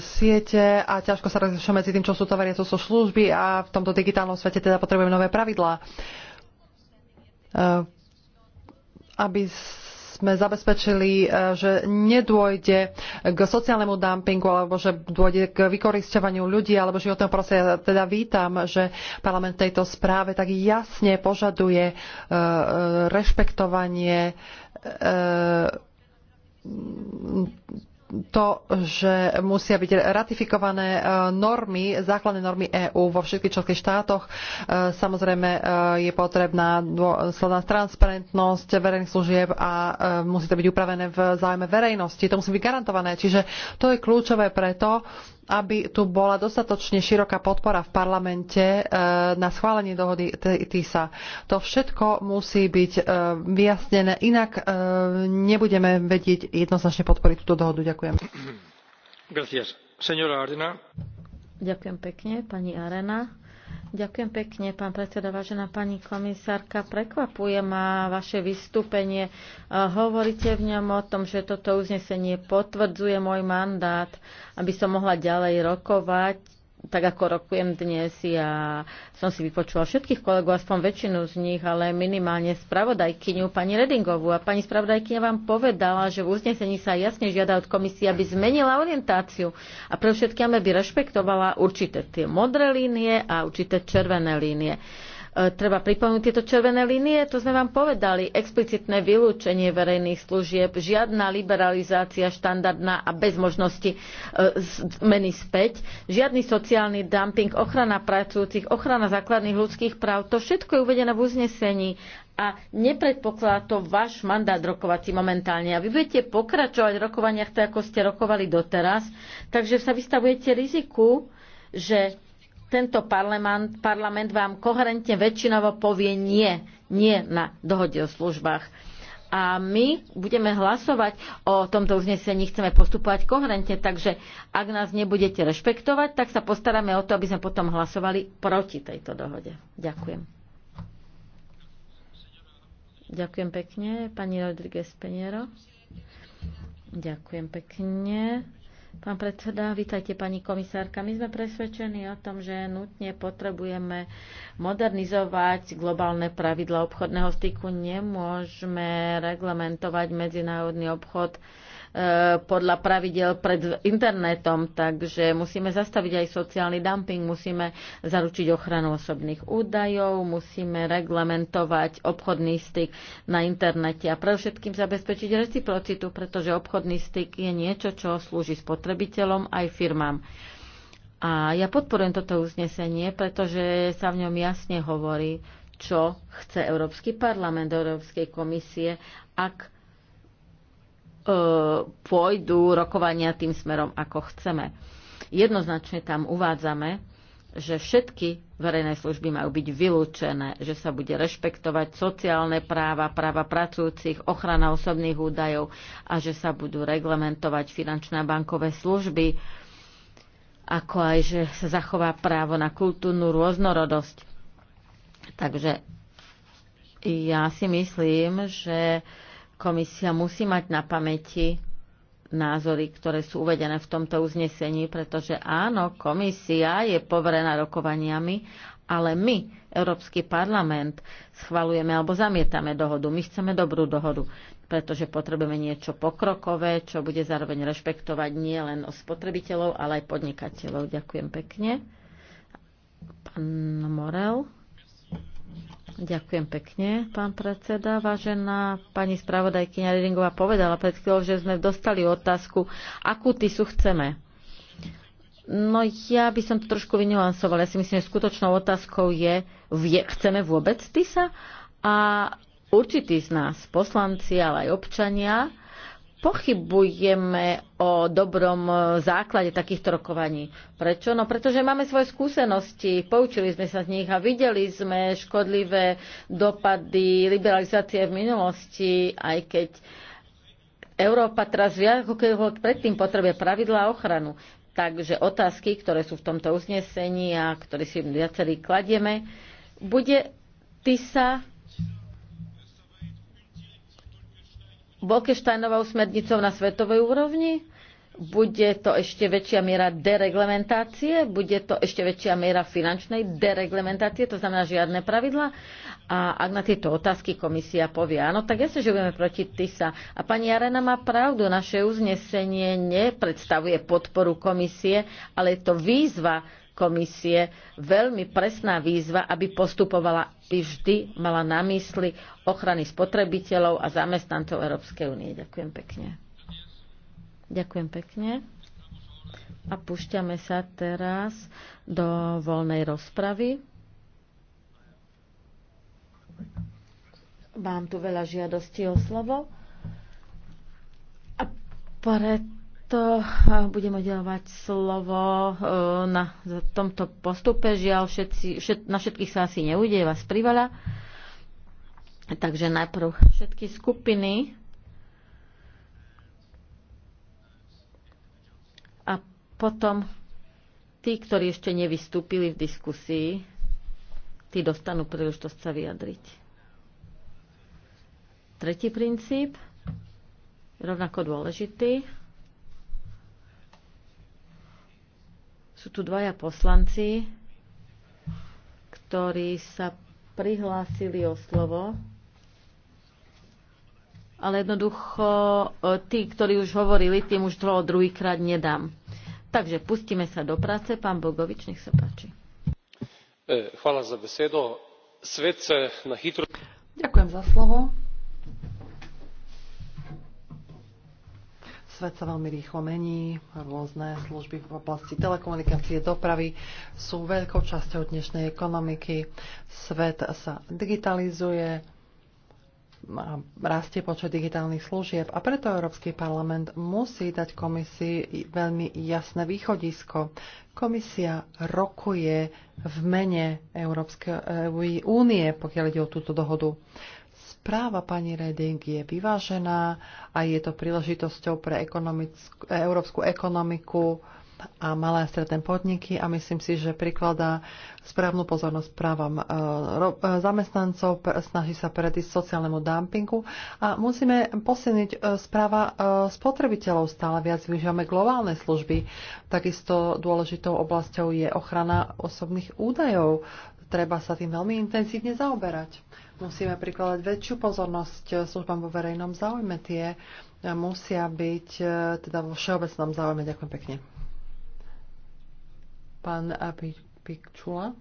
siete a ťažko sa rozlišuje medzi tým, čo sú tovaria, čo sú služby a v tomto digitálnom svete teda potrebujeme nové pravidlá. Aby sme zabezpečili, e, že nedôjde k sociálnemu dumpingu alebo že dôjde k vykoristovaniu ľudí alebo životného prostredia. Teda vítam, že parlament tejto správe tak jasne požaduje e, e, rešpektovanie to, že musia byť ratifikované e, normy, základné normy EÚ vo všetkých členských štátoch. E, samozrejme e, je potrebná dôsledná transparentnosť verejných služieb a musí to byť upravené v záujme verejnosti. To musí byť garantované. Čiže to je kľúčové preto, aby tu bola dostatočne široká podpora v parlamente e, na schválenie dohody TISA. To všetko musí byť e, vyjasnené, inak e, nebudeme vedieť jednoznačne podporiť túto dohodu. Ďakujem.
Gracias. Señora Arena.
Ďakujem pekne, pani Arena.
Ďakujem pekne, pán predseda, vážená pani komisárka. Prekvapuje ma vaše vystúpenie. E, hovoríte v ňom o tom, že toto uznesenie potvrdzuje môj mandát, aby som mohla ďalej rokovať tak ako rokujem dnes, ja som si vypočula všetkých kolegov, aspoň väčšinu z nich, ale minimálne spravodajkyňu pani Redingovú. A pani spravodajkyňa vám povedala, že v uznesení sa jasne žiada od komisie, aby zmenila orientáciu a pre všetkým, aby rešpektovala určité tie modré línie a určité červené línie. E, treba pripomenúť tieto červené línie, to sme vám povedali, explicitné vylúčenie verejných služieb, žiadna liberalizácia štandardná a bez možnosti e, zmeny späť, žiadny sociálny dumping, ochrana pracujúcich, ochrana základných ľudských práv, to všetko je uvedené v uznesení a nepredpokladá to váš mandát rokovací momentálne. A vy budete pokračovať v rokovaniach tak, ako ste rokovali doteraz, takže sa vystavujete riziku, že tento parlament, parlament vám koherentne väčšinovo povie nie, nie na dohode o službách. A my budeme hlasovať o tomto uznesení, chceme postupovať koherentne, takže ak nás nebudete rešpektovať, tak sa postaráme o to, aby sme potom hlasovali proti tejto dohode. Ďakujem. Ďakujem pekne, pani Rodríguez Peniero. Ďakujem pekne. Pán predseda, vítajte pani komisárka. My sme presvedčení o tom, že nutne potrebujeme modernizovať globálne pravidla obchodného styku. Nemôžeme reglementovať medzinárodný obchod podľa pravidel pred internetom, takže musíme zastaviť aj sociálny dumping, musíme zaručiť ochranu osobných údajov, musíme reglementovať obchodný styk na internete a všetkým zabezpečiť reciprocitu, pretože obchodný styk je niečo, čo slúži spotrebiteľom aj firmám. A ja podporujem toto uznesenie, pretože sa v ňom jasne hovorí, čo chce Európsky parlament Európskej komisie, ak E, pôjdu rokovania tým smerom, ako chceme. Jednoznačne tam uvádzame, že všetky verejné služby majú byť vylúčené, že sa bude rešpektovať sociálne práva, práva pracujúcich, ochrana osobných údajov a že sa budú reglementovať finančné a bankové služby, ako aj, že sa zachová právo na kultúrnu rôznorodosť. Takže ja si myslím, že Komisia musí mať na pamäti názory, ktoré sú uvedené v tomto uznesení, pretože áno, komisia je poverená rokovaniami, ale my, Európsky parlament, schvalujeme alebo zamietame dohodu. My chceme dobrú dohodu, pretože potrebujeme niečo pokrokové, čo bude zároveň rešpektovať nie len spotrebiteľov, ale aj podnikateľov. Ďakujem pekne. Pán Morel. Ďakujem pekne, pán predseda. Vážená pani spravodajkyňa Redingová povedala pred chvíľou, že sme dostali otázku, akú tisu chceme. No ja by som to trošku vynuansovala. Ja si myslím, že skutočnou otázkou je, vie, chceme vôbec ty sa A určití z nás, poslanci, ale aj občania, pochybujeme o dobrom základe takýchto rokovaní. Prečo? No pretože máme svoje skúsenosti, poučili sme sa z nich a videli sme škodlivé dopady liberalizácie v minulosti, aj keď Európa teraz viac ako keď predtým potrebuje pravidlá a ochranu. Takže otázky, ktoré sú v tomto uznesení a ktoré si viacerí kladieme, bude sa. Bolkeštajnovou smernicou na svetovej úrovni? Bude to ešte väčšia miera dereglementácie, bude to ešte väčšia miera finančnej dereglementácie, to znamená žiadne pravidla. A ak na tieto otázky komisia povie áno, tak ja sa živujeme proti TISA. A pani Arena má pravdu, naše uznesenie nepredstavuje podporu komisie, ale je to výzva komisie veľmi presná výzva, aby postupovala by vždy mala na mysli ochrany spotrebiteľov a zamestnancov Európskej únie. Ďakujem pekne. Ďakujem pekne. A púšťame sa teraz do voľnej rozpravy. Mám tu veľa žiadostí o slovo. A preto to eh, budem oddelovať slovo eh, na tomto postupe. Žiaľ, všetci, všet, na všetkých sa asi neudeje, vás privala. Takže najprv všetky skupiny a potom tí, ktorí ešte nevystúpili v diskusii, tí dostanú príležitosť sa vyjadriť. Tretí princíp, rovnako dôležitý Sú tu dvaja poslanci, ktorí sa prihlásili o slovo. Ale jednoducho e, tí, ktorí už hovorili, tým už dvoho druhýkrát nedám. Takže pustíme sa do práce. Pán Bogovič, nech sa páči.
Chvala e, za besedo. Svet sa na hitro...
Ďakujem za slovo Svet sa veľmi rýchlo mení, rôzne služby v oblasti telekomunikácie, dopravy sú veľkou časťou dnešnej ekonomiky. Svet sa digitalizuje, rastie počet digitálnych služieb a preto Európsky parlament musí dať komisii veľmi jasné východisko. Komisia rokuje v mene Európskej únie, pokiaľ ide o túto dohodu. Správa pani Reding je vyvážená a je to príležitosťou pre e, európsku ekonomiku a malé a stredné podniky a myslím si, že prikladá správnu pozornosť právam e, e, zamestnancov, snaží sa predísť sociálnemu dumpingu a musíme posilniť správa spotrebiteľov. Stále viac využívame globálne služby. Takisto dôležitou oblasťou je ochrana osobných údajov treba sa tým veľmi intenzívne zaoberať. Musíme prikladať väčšiu pozornosť službám vo verejnom záujme. Tie e, musia byť e, teda vo všeobecnom záujme. Ďakujem pekne. Pán Pikčula.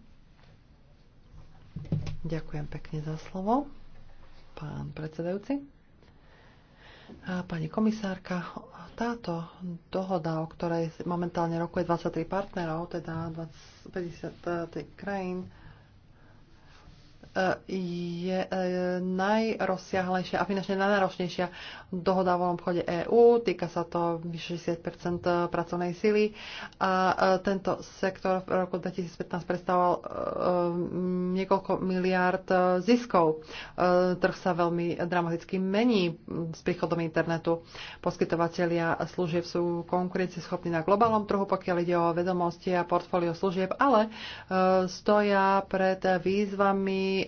Ďakujem pekne za slovo. Pán predsedajúci. A pani komisárka, táto dohoda, o ktorej momentálne rokuje 23 partnerov, teda 20, 50 e, krajín, je e, najrozsiahlejšia a finančne najnáročnejšia dohoda v obchode EÚ. Týka sa to vyše 60 e, pracovnej sily a e, tento sektor v roku 2015 predstavoval niekoľko miliárd ziskov. Trh sa veľmi dramaticky mení s príchodom internetu. Poskytovatelia služieb sú konkurencieschopní na globálnom trhu, pokiaľ ide o vedomosti a portfólio služieb, ale stoja pred výzvami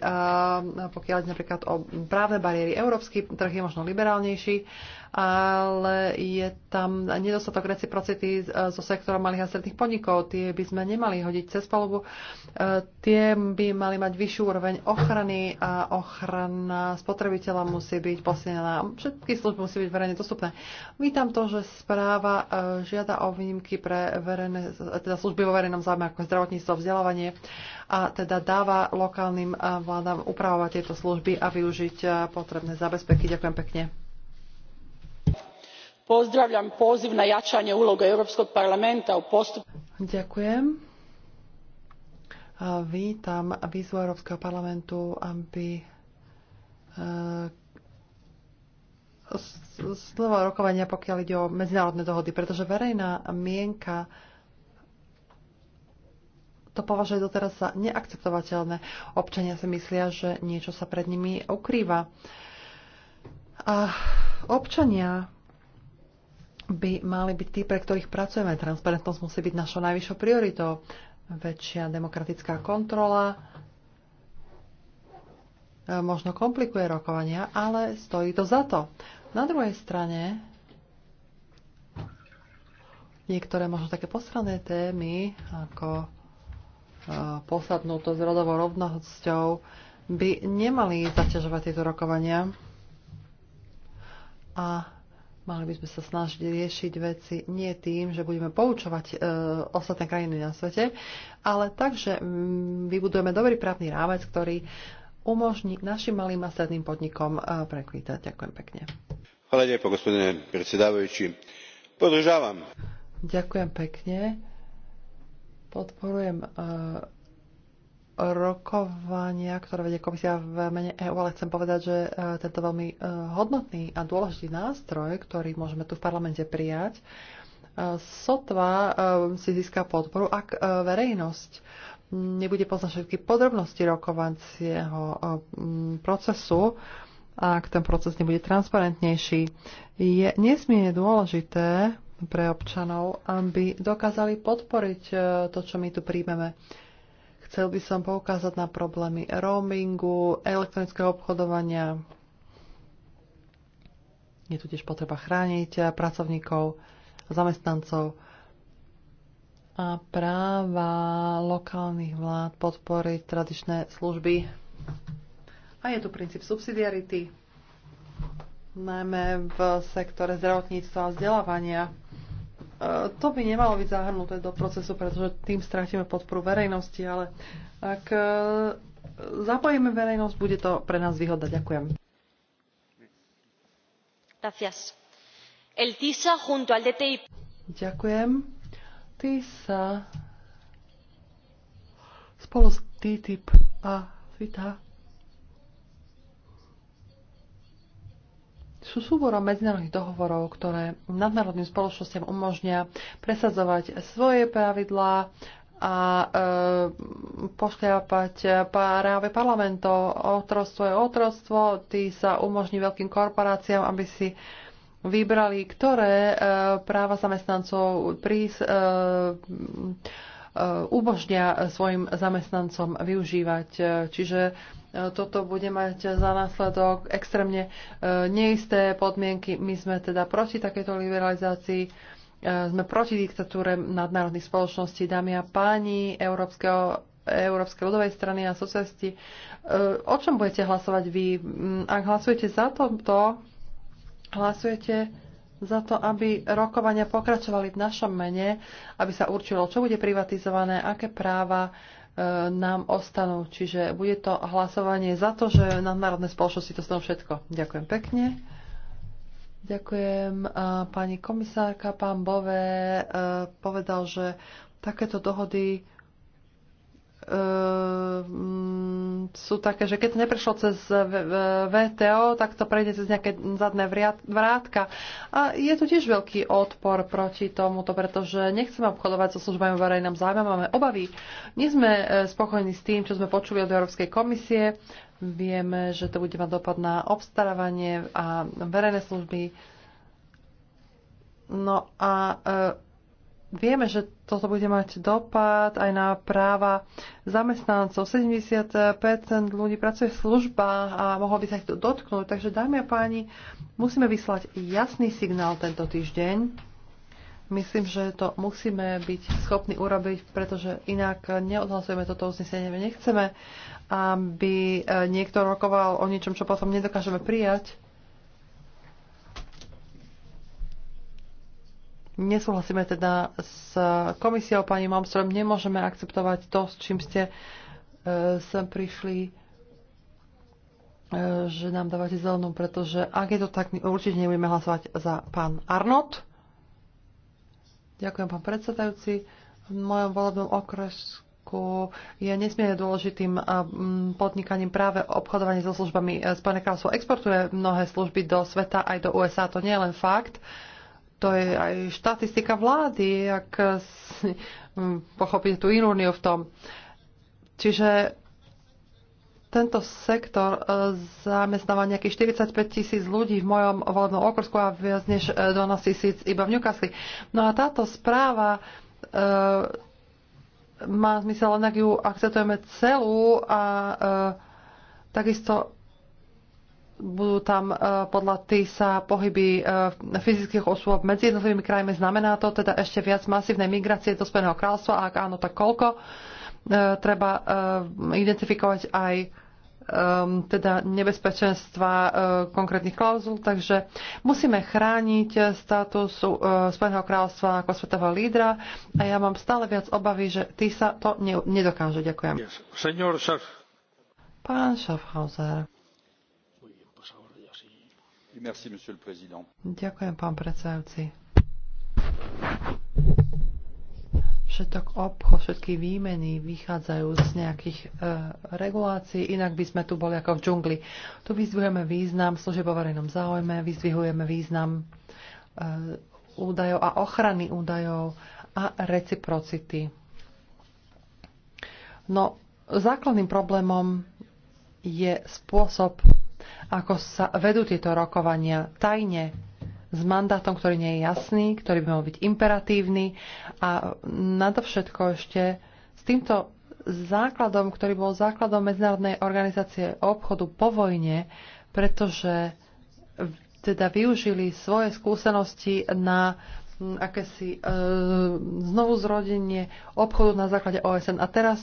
pokiaľ napríklad o právne bariéry. Európsky trh je možno liberálnejší ale je tam nedostatok reciprocity so eh, sektorom malých a stredných podnikov. Tie by sme nemali hodiť cez palubu. Eh, tie by mali mať vyššiu úroveň ochrany a ochrana spotrebiteľa musí byť posilnená. Všetky služby musí byť verejne dostupné. Vítam to, že správa eh, žiada o výnimky pre verejné, teda služby vo verejnom záujme ako zdravotníctvo, vzdelávanie a teda dáva lokálnym vládam upravovať tieto služby a využiť potrebné zabezpeky. Ďakujem pekne
pozdravljam poziv na jačanje uloge europskog parlamenta u postupku
Ďakujem. Vítam výzvu Európskeho parlamentu, aby e, slovo rokovania, pokiaľ ide o medzinárodné dohody, pretože verejná mienka to považuje doteraz za neakceptovateľné. Občania si myslia, že niečo sa pred nimi ukrýva. A občania by mali byť tí, pre ktorých pracujeme. Transparentnosť musí byť našou najvyššou prioritou. Väčšia demokratická kontrola e, možno komplikuje rokovania, ale stojí to za to. Na druhej strane niektoré možno také posrané témy, ako e, posadnúto s rodovou rovnosťou, by nemali zaťažovať tieto rokovania. A Mali by sme sa snažiť riešiť veci nie tým, že budeme poučovať e, ostatné krajiny na svete, ale tak, že vybudujeme dobrý právny rámec, ktorý umožní našim malým a stredným podnikom e, prekvítať. Ďakujem pekne.
Hvala lepo, gospodine predsjedavajući. Podržávam.
Ďakujem pekne. Podporujem e, rokovania, ktoré vedie komisia v mene EU, ale chcem povedať, že e, tento veľmi e, hodnotný a dôležitý nástroj, ktorý môžeme tu v parlamente prijať, e, sotva si získa podporu, ak verejnosť nebude poznať všetky podrobnosti rokovacieho procesu, ak ten proces nebude transparentnejší. Je nesmierne dôležité pre občanov, aby dokázali podporiť to, čo my tu príjmeme. Chcel by som poukázať na problémy roamingu, elektronického obchodovania. Je tu tiež potreba chrániť pracovníkov, zamestnancov a práva lokálnych vlád podporiť tradičné služby. A je tu princíp subsidiarity, najmä v sektore zdravotníctva a vzdelávania E, to by nemalo byť zahrnuté do procesu, pretože tým strátime podporu verejnosti, ale ak e, zapojíme verejnosť, bude to pre nás výhoda. Ďakujem. Ďakujem. TISA spolu s TTIP a FITA sú súborom medzinárodných dohovorov, ktoré nadnárodným spoločnostiam umožnia presadzovať svoje pravidlá a e, pošliapať práve parlamentov. Otroctvo je otroctvo, tý sa umožní veľkým korporáciám, aby si vybrali, ktoré e, práva zamestnancov prís, e, e, umožnia svojim zamestnancom využívať. Čiže E, toto bude mať za následok extrémne e, neisté podmienky. My sme teda proti takejto liberalizácii, e, sme proti diktatúre nadnárodných spoločností. Dámy a páni Európskeho Európskej ľudovej strany a socialisti. O čom budete hlasovať vy? Mm, ak hlasujete za toto, hlasujete za to, aby rokovania pokračovali v našom mene, aby sa určilo, čo bude privatizované, aké práva nám ostanú. Čiže bude to hlasovanie za to, že nadnárodné spoločnosti to stanú všetko. Ďakujem pekne. Ďakujem. Pani komisárka, pán Bové e, povedal, že takéto dohody Ehm, sú také, že keď to neprešlo cez VTO, tak to prejde cez nejaké zadné vrátka. A je tu tiež veľký odpor proti tomuto, pretože nechceme obchodovať so službami v verejnom záujme, máme obavy. Nie sme e, spokojní s tým, čo sme počuli od Európskej komisie. Vieme, že to bude mať dopad na obstarávanie a verejné služby. No a e, Vieme, že toto bude mať dopad aj na práva zamestnancov. 70% ľudí pracuje v službách a mohlo by sa ich to dotknúť. Takže, dámy a páni, musíme vyslať jasný signál tento týždeň. Myslím, že to musíme byť schopní urobiť, pretože inak neodhlasujeme toto uznesenie. My nechceme, aby niekto rokoval o niečom, čo potom nedokážeme prijať Nesúhlasíme teda s komisiou pani Malmström, nemôžeme akceptovať to, s čím ste e, sem prišli e, že nám dávate zelenú, pretože ak je to tak, určite nebudeme hlasovať za pán Arnott. Ďakujem, pán predsedajúci. V mojom volebnom okresku je nesmierne dôležitým podnikaním práve obchodovanie so službami. Spojené kráľovstvo exportuje mnohé služby do sveta, aj do USA. To nie je len fakt, to je aj štatistika vlády, ak mm, pochopíte tú Inúniu v tom. Čiže tento sektor e, zamestnáva nejakých 45 tisíc ľudí v mojom volebnom okrsku a viac než 12 e, tisíc iba v Newcastle. No a táto správa e, má zmysel len, ak ju akceptujeme celú a e, takisto budú tam e, podľa sa pohyby e, fyzických osôb medzi jednotlivými krajmi. Znamená to teda ešte viac masívnej migrácie do Spojeného kráľstva a ak áno, tak koľko? E, treba identifikovať aj teda nebezpečenstva konkrétnych klauzul, takže musíme chrániť status Spojeného kráľstva ako svetového lídra a ja mám stále viac obavy, že sa to nedokáže. Ďakujem. Pán Schaffhauser. Merci, Ďakujem, pán predsedajúci. Všetok obchod, všetky výmeny vychádzajú z nejakých e, regulácií, inak by sme tu boli ako v džungli. Tu vyzdvihujeme význam služeb o verejnom záujme, vyzdvihujeme význam e, údajov a ochrany údajov a reciprocity. No, základným problémom je spôsob, ako sa vedú tieto rokovania tajne s mandátom, ktorý nie je jasný, ktorý by mal byť imperatívny a nadovšetko ešte s týmto základom, ktorý bol základom Medzinárodnej organizácie obchodu po vojne, pretože teda využili svoje skúsenosti na akési e, znovu zrodenie obchodu na základe OSN. A teraz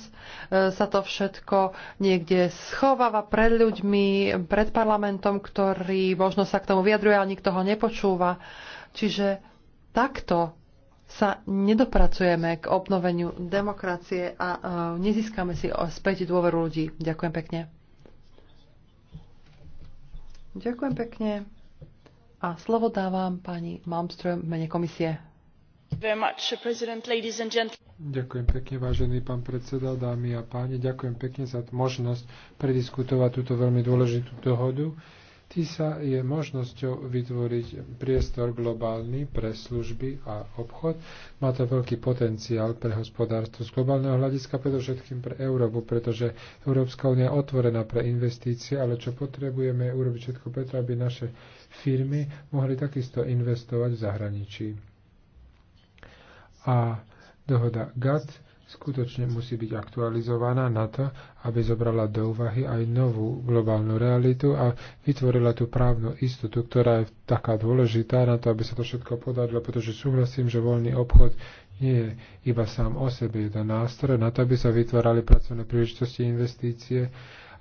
e, sa to všetko niekde schováva pred ľuďmi, pred parlamentom, ktorý možno sa k tomu vyjadruje, ale nikto ho nepočúva. Čiže takto sa nedopracujeme k obnoveniu demokracie a e, nezískame si späť dôveru ľudí. Ďakujem pekne. Ďakujem pekne. A slovo dávam pani Malmström v mene komisie.
Ďakujem pekne, vážený pán predseda, dámy a páni. Ďakujem pekne za možnosť prediskutovať túto veľmi dôležitú dohodu. TISA je možnosťou vytvoriť priestor globálny pre služby a obchod. Má to veľký potenciál pre hospodárstvo z globálneho hľadiska, predovšetkým pre Európu, pretože Európska únia je otvorená pre investície, ale čo potrebujeme je urobiť všetko preto, aby naše firmy mohli takisto investovať v zahraničí. A dohoda GATT skutočne musí byť aktualizovaná na to, aby zobrala do úvahy aj novú globálnu realitu a vytvorila tú právnu istotu, ktorá je taká dôležitá na to, aby sa to všetko podarilo, pretože súhlasím, že voľný obchod nie je iba sám o sebe, je to nástroj na to, aby sa vytvárali pracovné príležitosti, investície,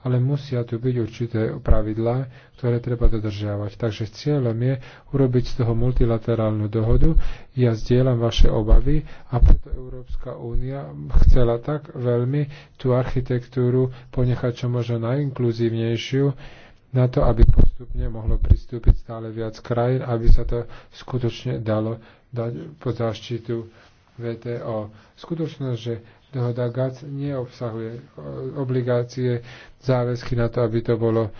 ale musia tu byť určité pravidlá, ktoré treba dodržiavať. Takže cieľom je urobiť z toho multilaterálnu dohodu. Ja zdieľam vaše obavy a preto Európska únia chcela tak veľmi tú architektúru ponechať čo možno najinkluzívnejšiu, na to, aby postupne mohlo pristúpiť stále viac krajín, aby sa to skutočne dalo dať pod záštitu VTO. Skutočnosť, že Dohoda GATS neobsahuje eh, obligácie, záväzky na to, aby to bolo eh,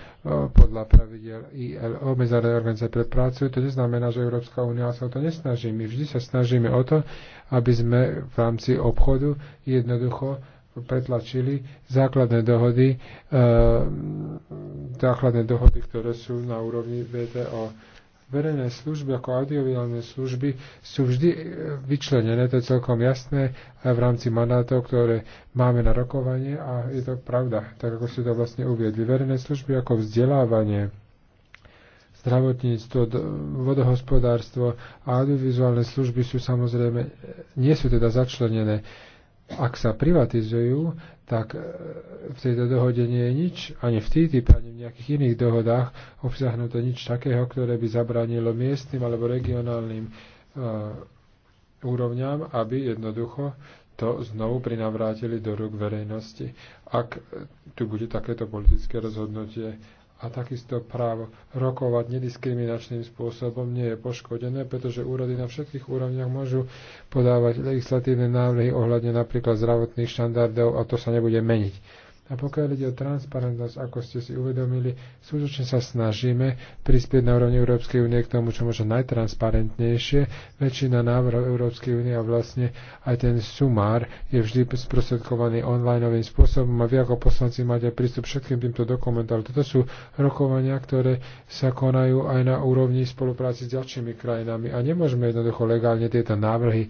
podľa pravidel ILO, Medzinárodnej organizácie pre prácu. To neznamená, že Európska únia sa o to nesnaží. My vždy sa snažíme o to, aby sme v rámci obchodu jednoducho pretlačili základné dohody, eh, základné dohody, ktoré sú na úrovni VTO verejné služby ako audiovizuálne služby sú vždy e, vyčlenené, to je celkom jasné, aj v rámci mandátov, ktoré máme na rokovanie a je to pravda, tak ako ste to vlastne uviedli. Verejné služby ako vzdelávanie, zdravotníctvo, vodohospodárstvo a audiovizuálne služby sú samozrejme, e, nie sú teda začlenené ak sa privatizujú, tak e, v tejto dohode nie je nič, ani v TTIP, ani v nejakých iných dohodách obsahnuté nič takého, ktoré by zabránilo miestnym alebo regionálnym e, úrovňam, aby jednoducho to znovu prinavrátili do rúk verejnosti, ak tu bude takéto politické rozhodnutie a takisto právo rokovať nediskriminačným spôsobom nie je poškodené, pretože úrady na všetkých úrovniach môžu podávať legislatívne návrhy ohľadne napríklad zdravotných štandardov a to sa nebude meniť. A pokiaľ ide o transparentnosť, ako ste si uvedomili, skutočne sa snažíme prispieť na úrovni Európskej únie k tomu, čo možno najtransparentnejšie. Väčšina návrhov Európskej únie a vlastne aj ten sumár je vždy sprostredkovaný onlineovým spôsobom a vy ako poslanci máte prístup všetkým týmto dokumentom. Toto sú rokovania, ktoré sa konajú aj na úrovni spolupráci s ďalšími krajinami a nemôžeme jednoducho legálne tieto návrhy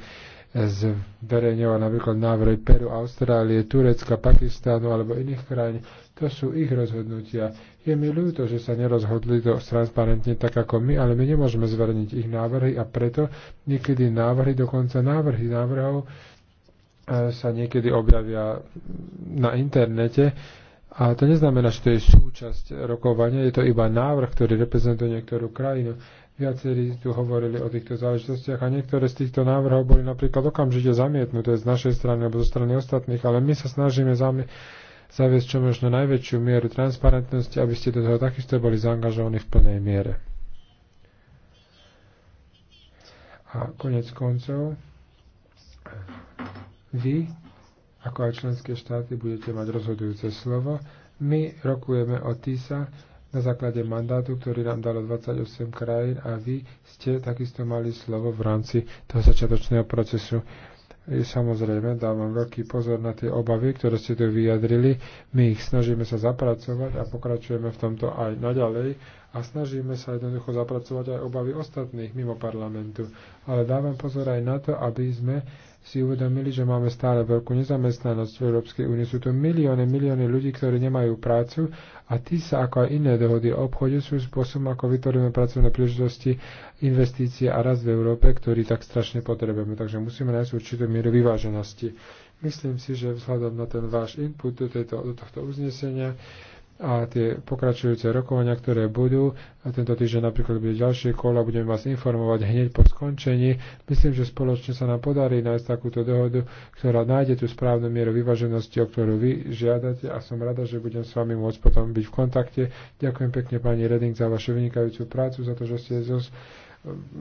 zverejňovať napríklad návrhy Peru, Austrálie, Turecka, Pakistánu alebo iných krajín. To sú ich rozhodnutia. Je mi ľúto, že sa nerozhodli to transparentne tak ako my, ale my nemôžeme zverejniť ich návrhy a preto niekedy návrhy, dokonca návrhy návrhov e, sa niekedy objavia na internete. A to neznamená, že to je súčasť rokovania, je to iba návrh, ktorý reprezentuje niektorú krajinu. Viacerí tu hovorili o týchto záležitostiach a niektoré z týchto návrhov boli napríklad okamžite zamietnuté z našej strany alebo zo strany ostatných, ale my sa snažíme zami- zaviesť čo možno najväčšiu mieru transparentnosti, aby ste do toho takisto boli zaangažovaní v plnej miere. A konec koncov, vy, ako aj členské štáty, budete mať rozhodujúce slovo. My rokujeme o TISA, na základe mandátu, ktorý nám dalo 28 krajín a vy ste takisto mali slovo v rámci toho začiatočného procesu. I samozrejme, dávam veľký pozor na tie obavy, ktoré ste tu vyjadrili. My ich snažíme sa zapracovať a pokračujeme v tomto aj naďalej a snažíme sa jednoducho zapracovať aj obavy ostatných mimo parlamentu. Ale dávam pozor aj na to, aby sme si uvedomili, že máme stále veľkú nezamestnanosť v Európskej únie. Sú to milióny, milióny ľudí, ktorí nemajú prácu a tí sa ako aj iné dohody o obchode sú spôsobom, ako vytvoríme pracovné príležitosti, investície a rast v Európe, ktorý tak strašne potrebujeme. Takže musíme nájsť určitú mieru vyváženosti. Myslím si, že vzhľadom na ten váš input do, tejto, do tohto uznesenia a tie pokračujúce rokovania, ktoré budú, a tento týždeň napríklad bude ďalšie kolo, budeme vás informovať hneď po skončení. Myslím, že spoločne sa nám podarí nájsť takúto dohodu, ktorá nájde tú správnu mieru vyvaženosti, o ktorú vy žiadate a som rada, že budem s vami môcť potom byť v kontakte. Ďakujem pekne pani Reding za vašu vynikajúcu prácu, za to, že ste zos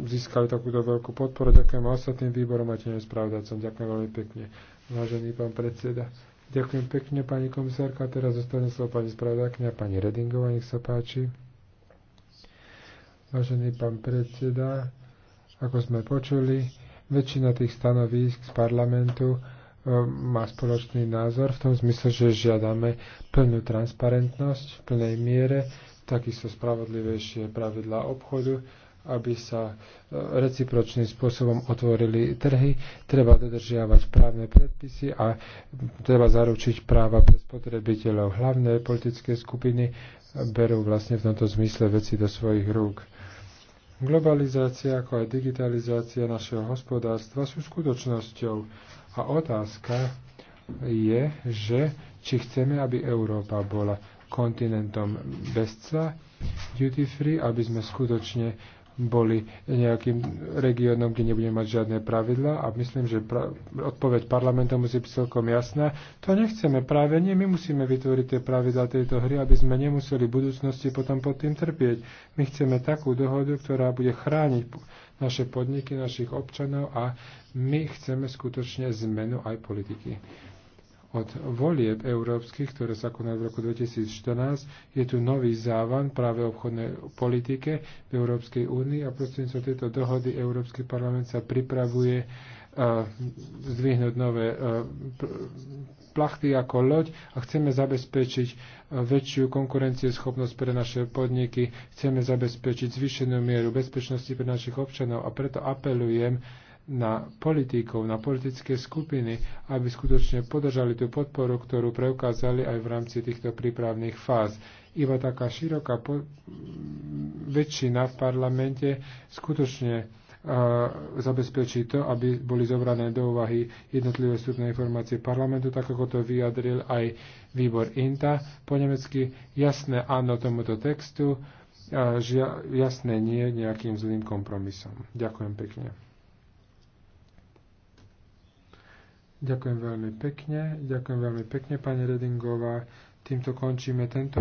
získali takúto veľkú podporu. Ďakujem ostatným výborom a tiež spravodajcom. Ďakujem veľmi pekne, vážený pán predseda. Ďakujem pekne, pani komisárka. Teraz zostane slovo pani spravodajkňa, pani Redingová, nech sa páči. Vážený pán predseda, ako sme počuli, väčšina tých stanovísk z parlamentu e, má spoločný názor v tom zmysle, že žiadame plnú transparentnosť v plnej miere, takisto spravodlivejšie pravidla obchodu, aby sa e, recipročným spôsobom otvorili trhy, treba dodržiavať právne predpisy a treba zaručiť práva pre spotrebiteľov. Hlavné politické skupiny berú vlastne v tomto zmysle veci do svojich rúk. Globalizácia ako aj digitalizácia našeho hospodárstva sú skutočnosťou a otázka je, že či chceme, aby Európa bola kontinentom bezca, duty free, aby sme skutočne boli nejakým regiónom, kde nebudeme mať žiadne pravidla a myslím, že pra- odpoveď parlamentu musí byť celkom jasná. To nechceme práve nie, my musíme vytvoriť tie pravidla tejto hry, aby sme nemuseli v budúcnosti potom pod tým trpieť. My chceme takú dohodu, ktorá bude chrániť naše podniky, našich občanov a my chceme skutočne zmenu aj politiky od volieb európskych, ktoré sa konajú v roku 2014, je tu nový závan práve obchodnej politike v Európskej únii a prostredníctvom tejto dohody Európsky parlament sa pripravuje uh, zdvihnúť nové uh, plachty ako loď a chceme zabezpečiť uh, väčšiu konkurencieschopnosť pre naše podniky, chceme zabezpečiť zvýšenú mieru bezpečnosti pre našich občanov a preto apelujem na politikov, na politické skupiny, aby skutočne podržali tú podporu, ktorú preukázali aj v rámci týchto prípravných fáz. Iba taká široká po- väčšina v parlamente skutočne uh, zabezpečí to, aby boli zobrané do úvahy jednotlivé vstupné informácie parlamentu, tak ako to vyjadril aj výbor INTA. Po nemecky jasné áno tomuto textu, žia, jasné nie nejakým zlým kompromisom. Ďakujem pekne. Ďakujem veľmi pekne. Ďakujem veľmi pekne, pani Redingová. Týmto končíme tento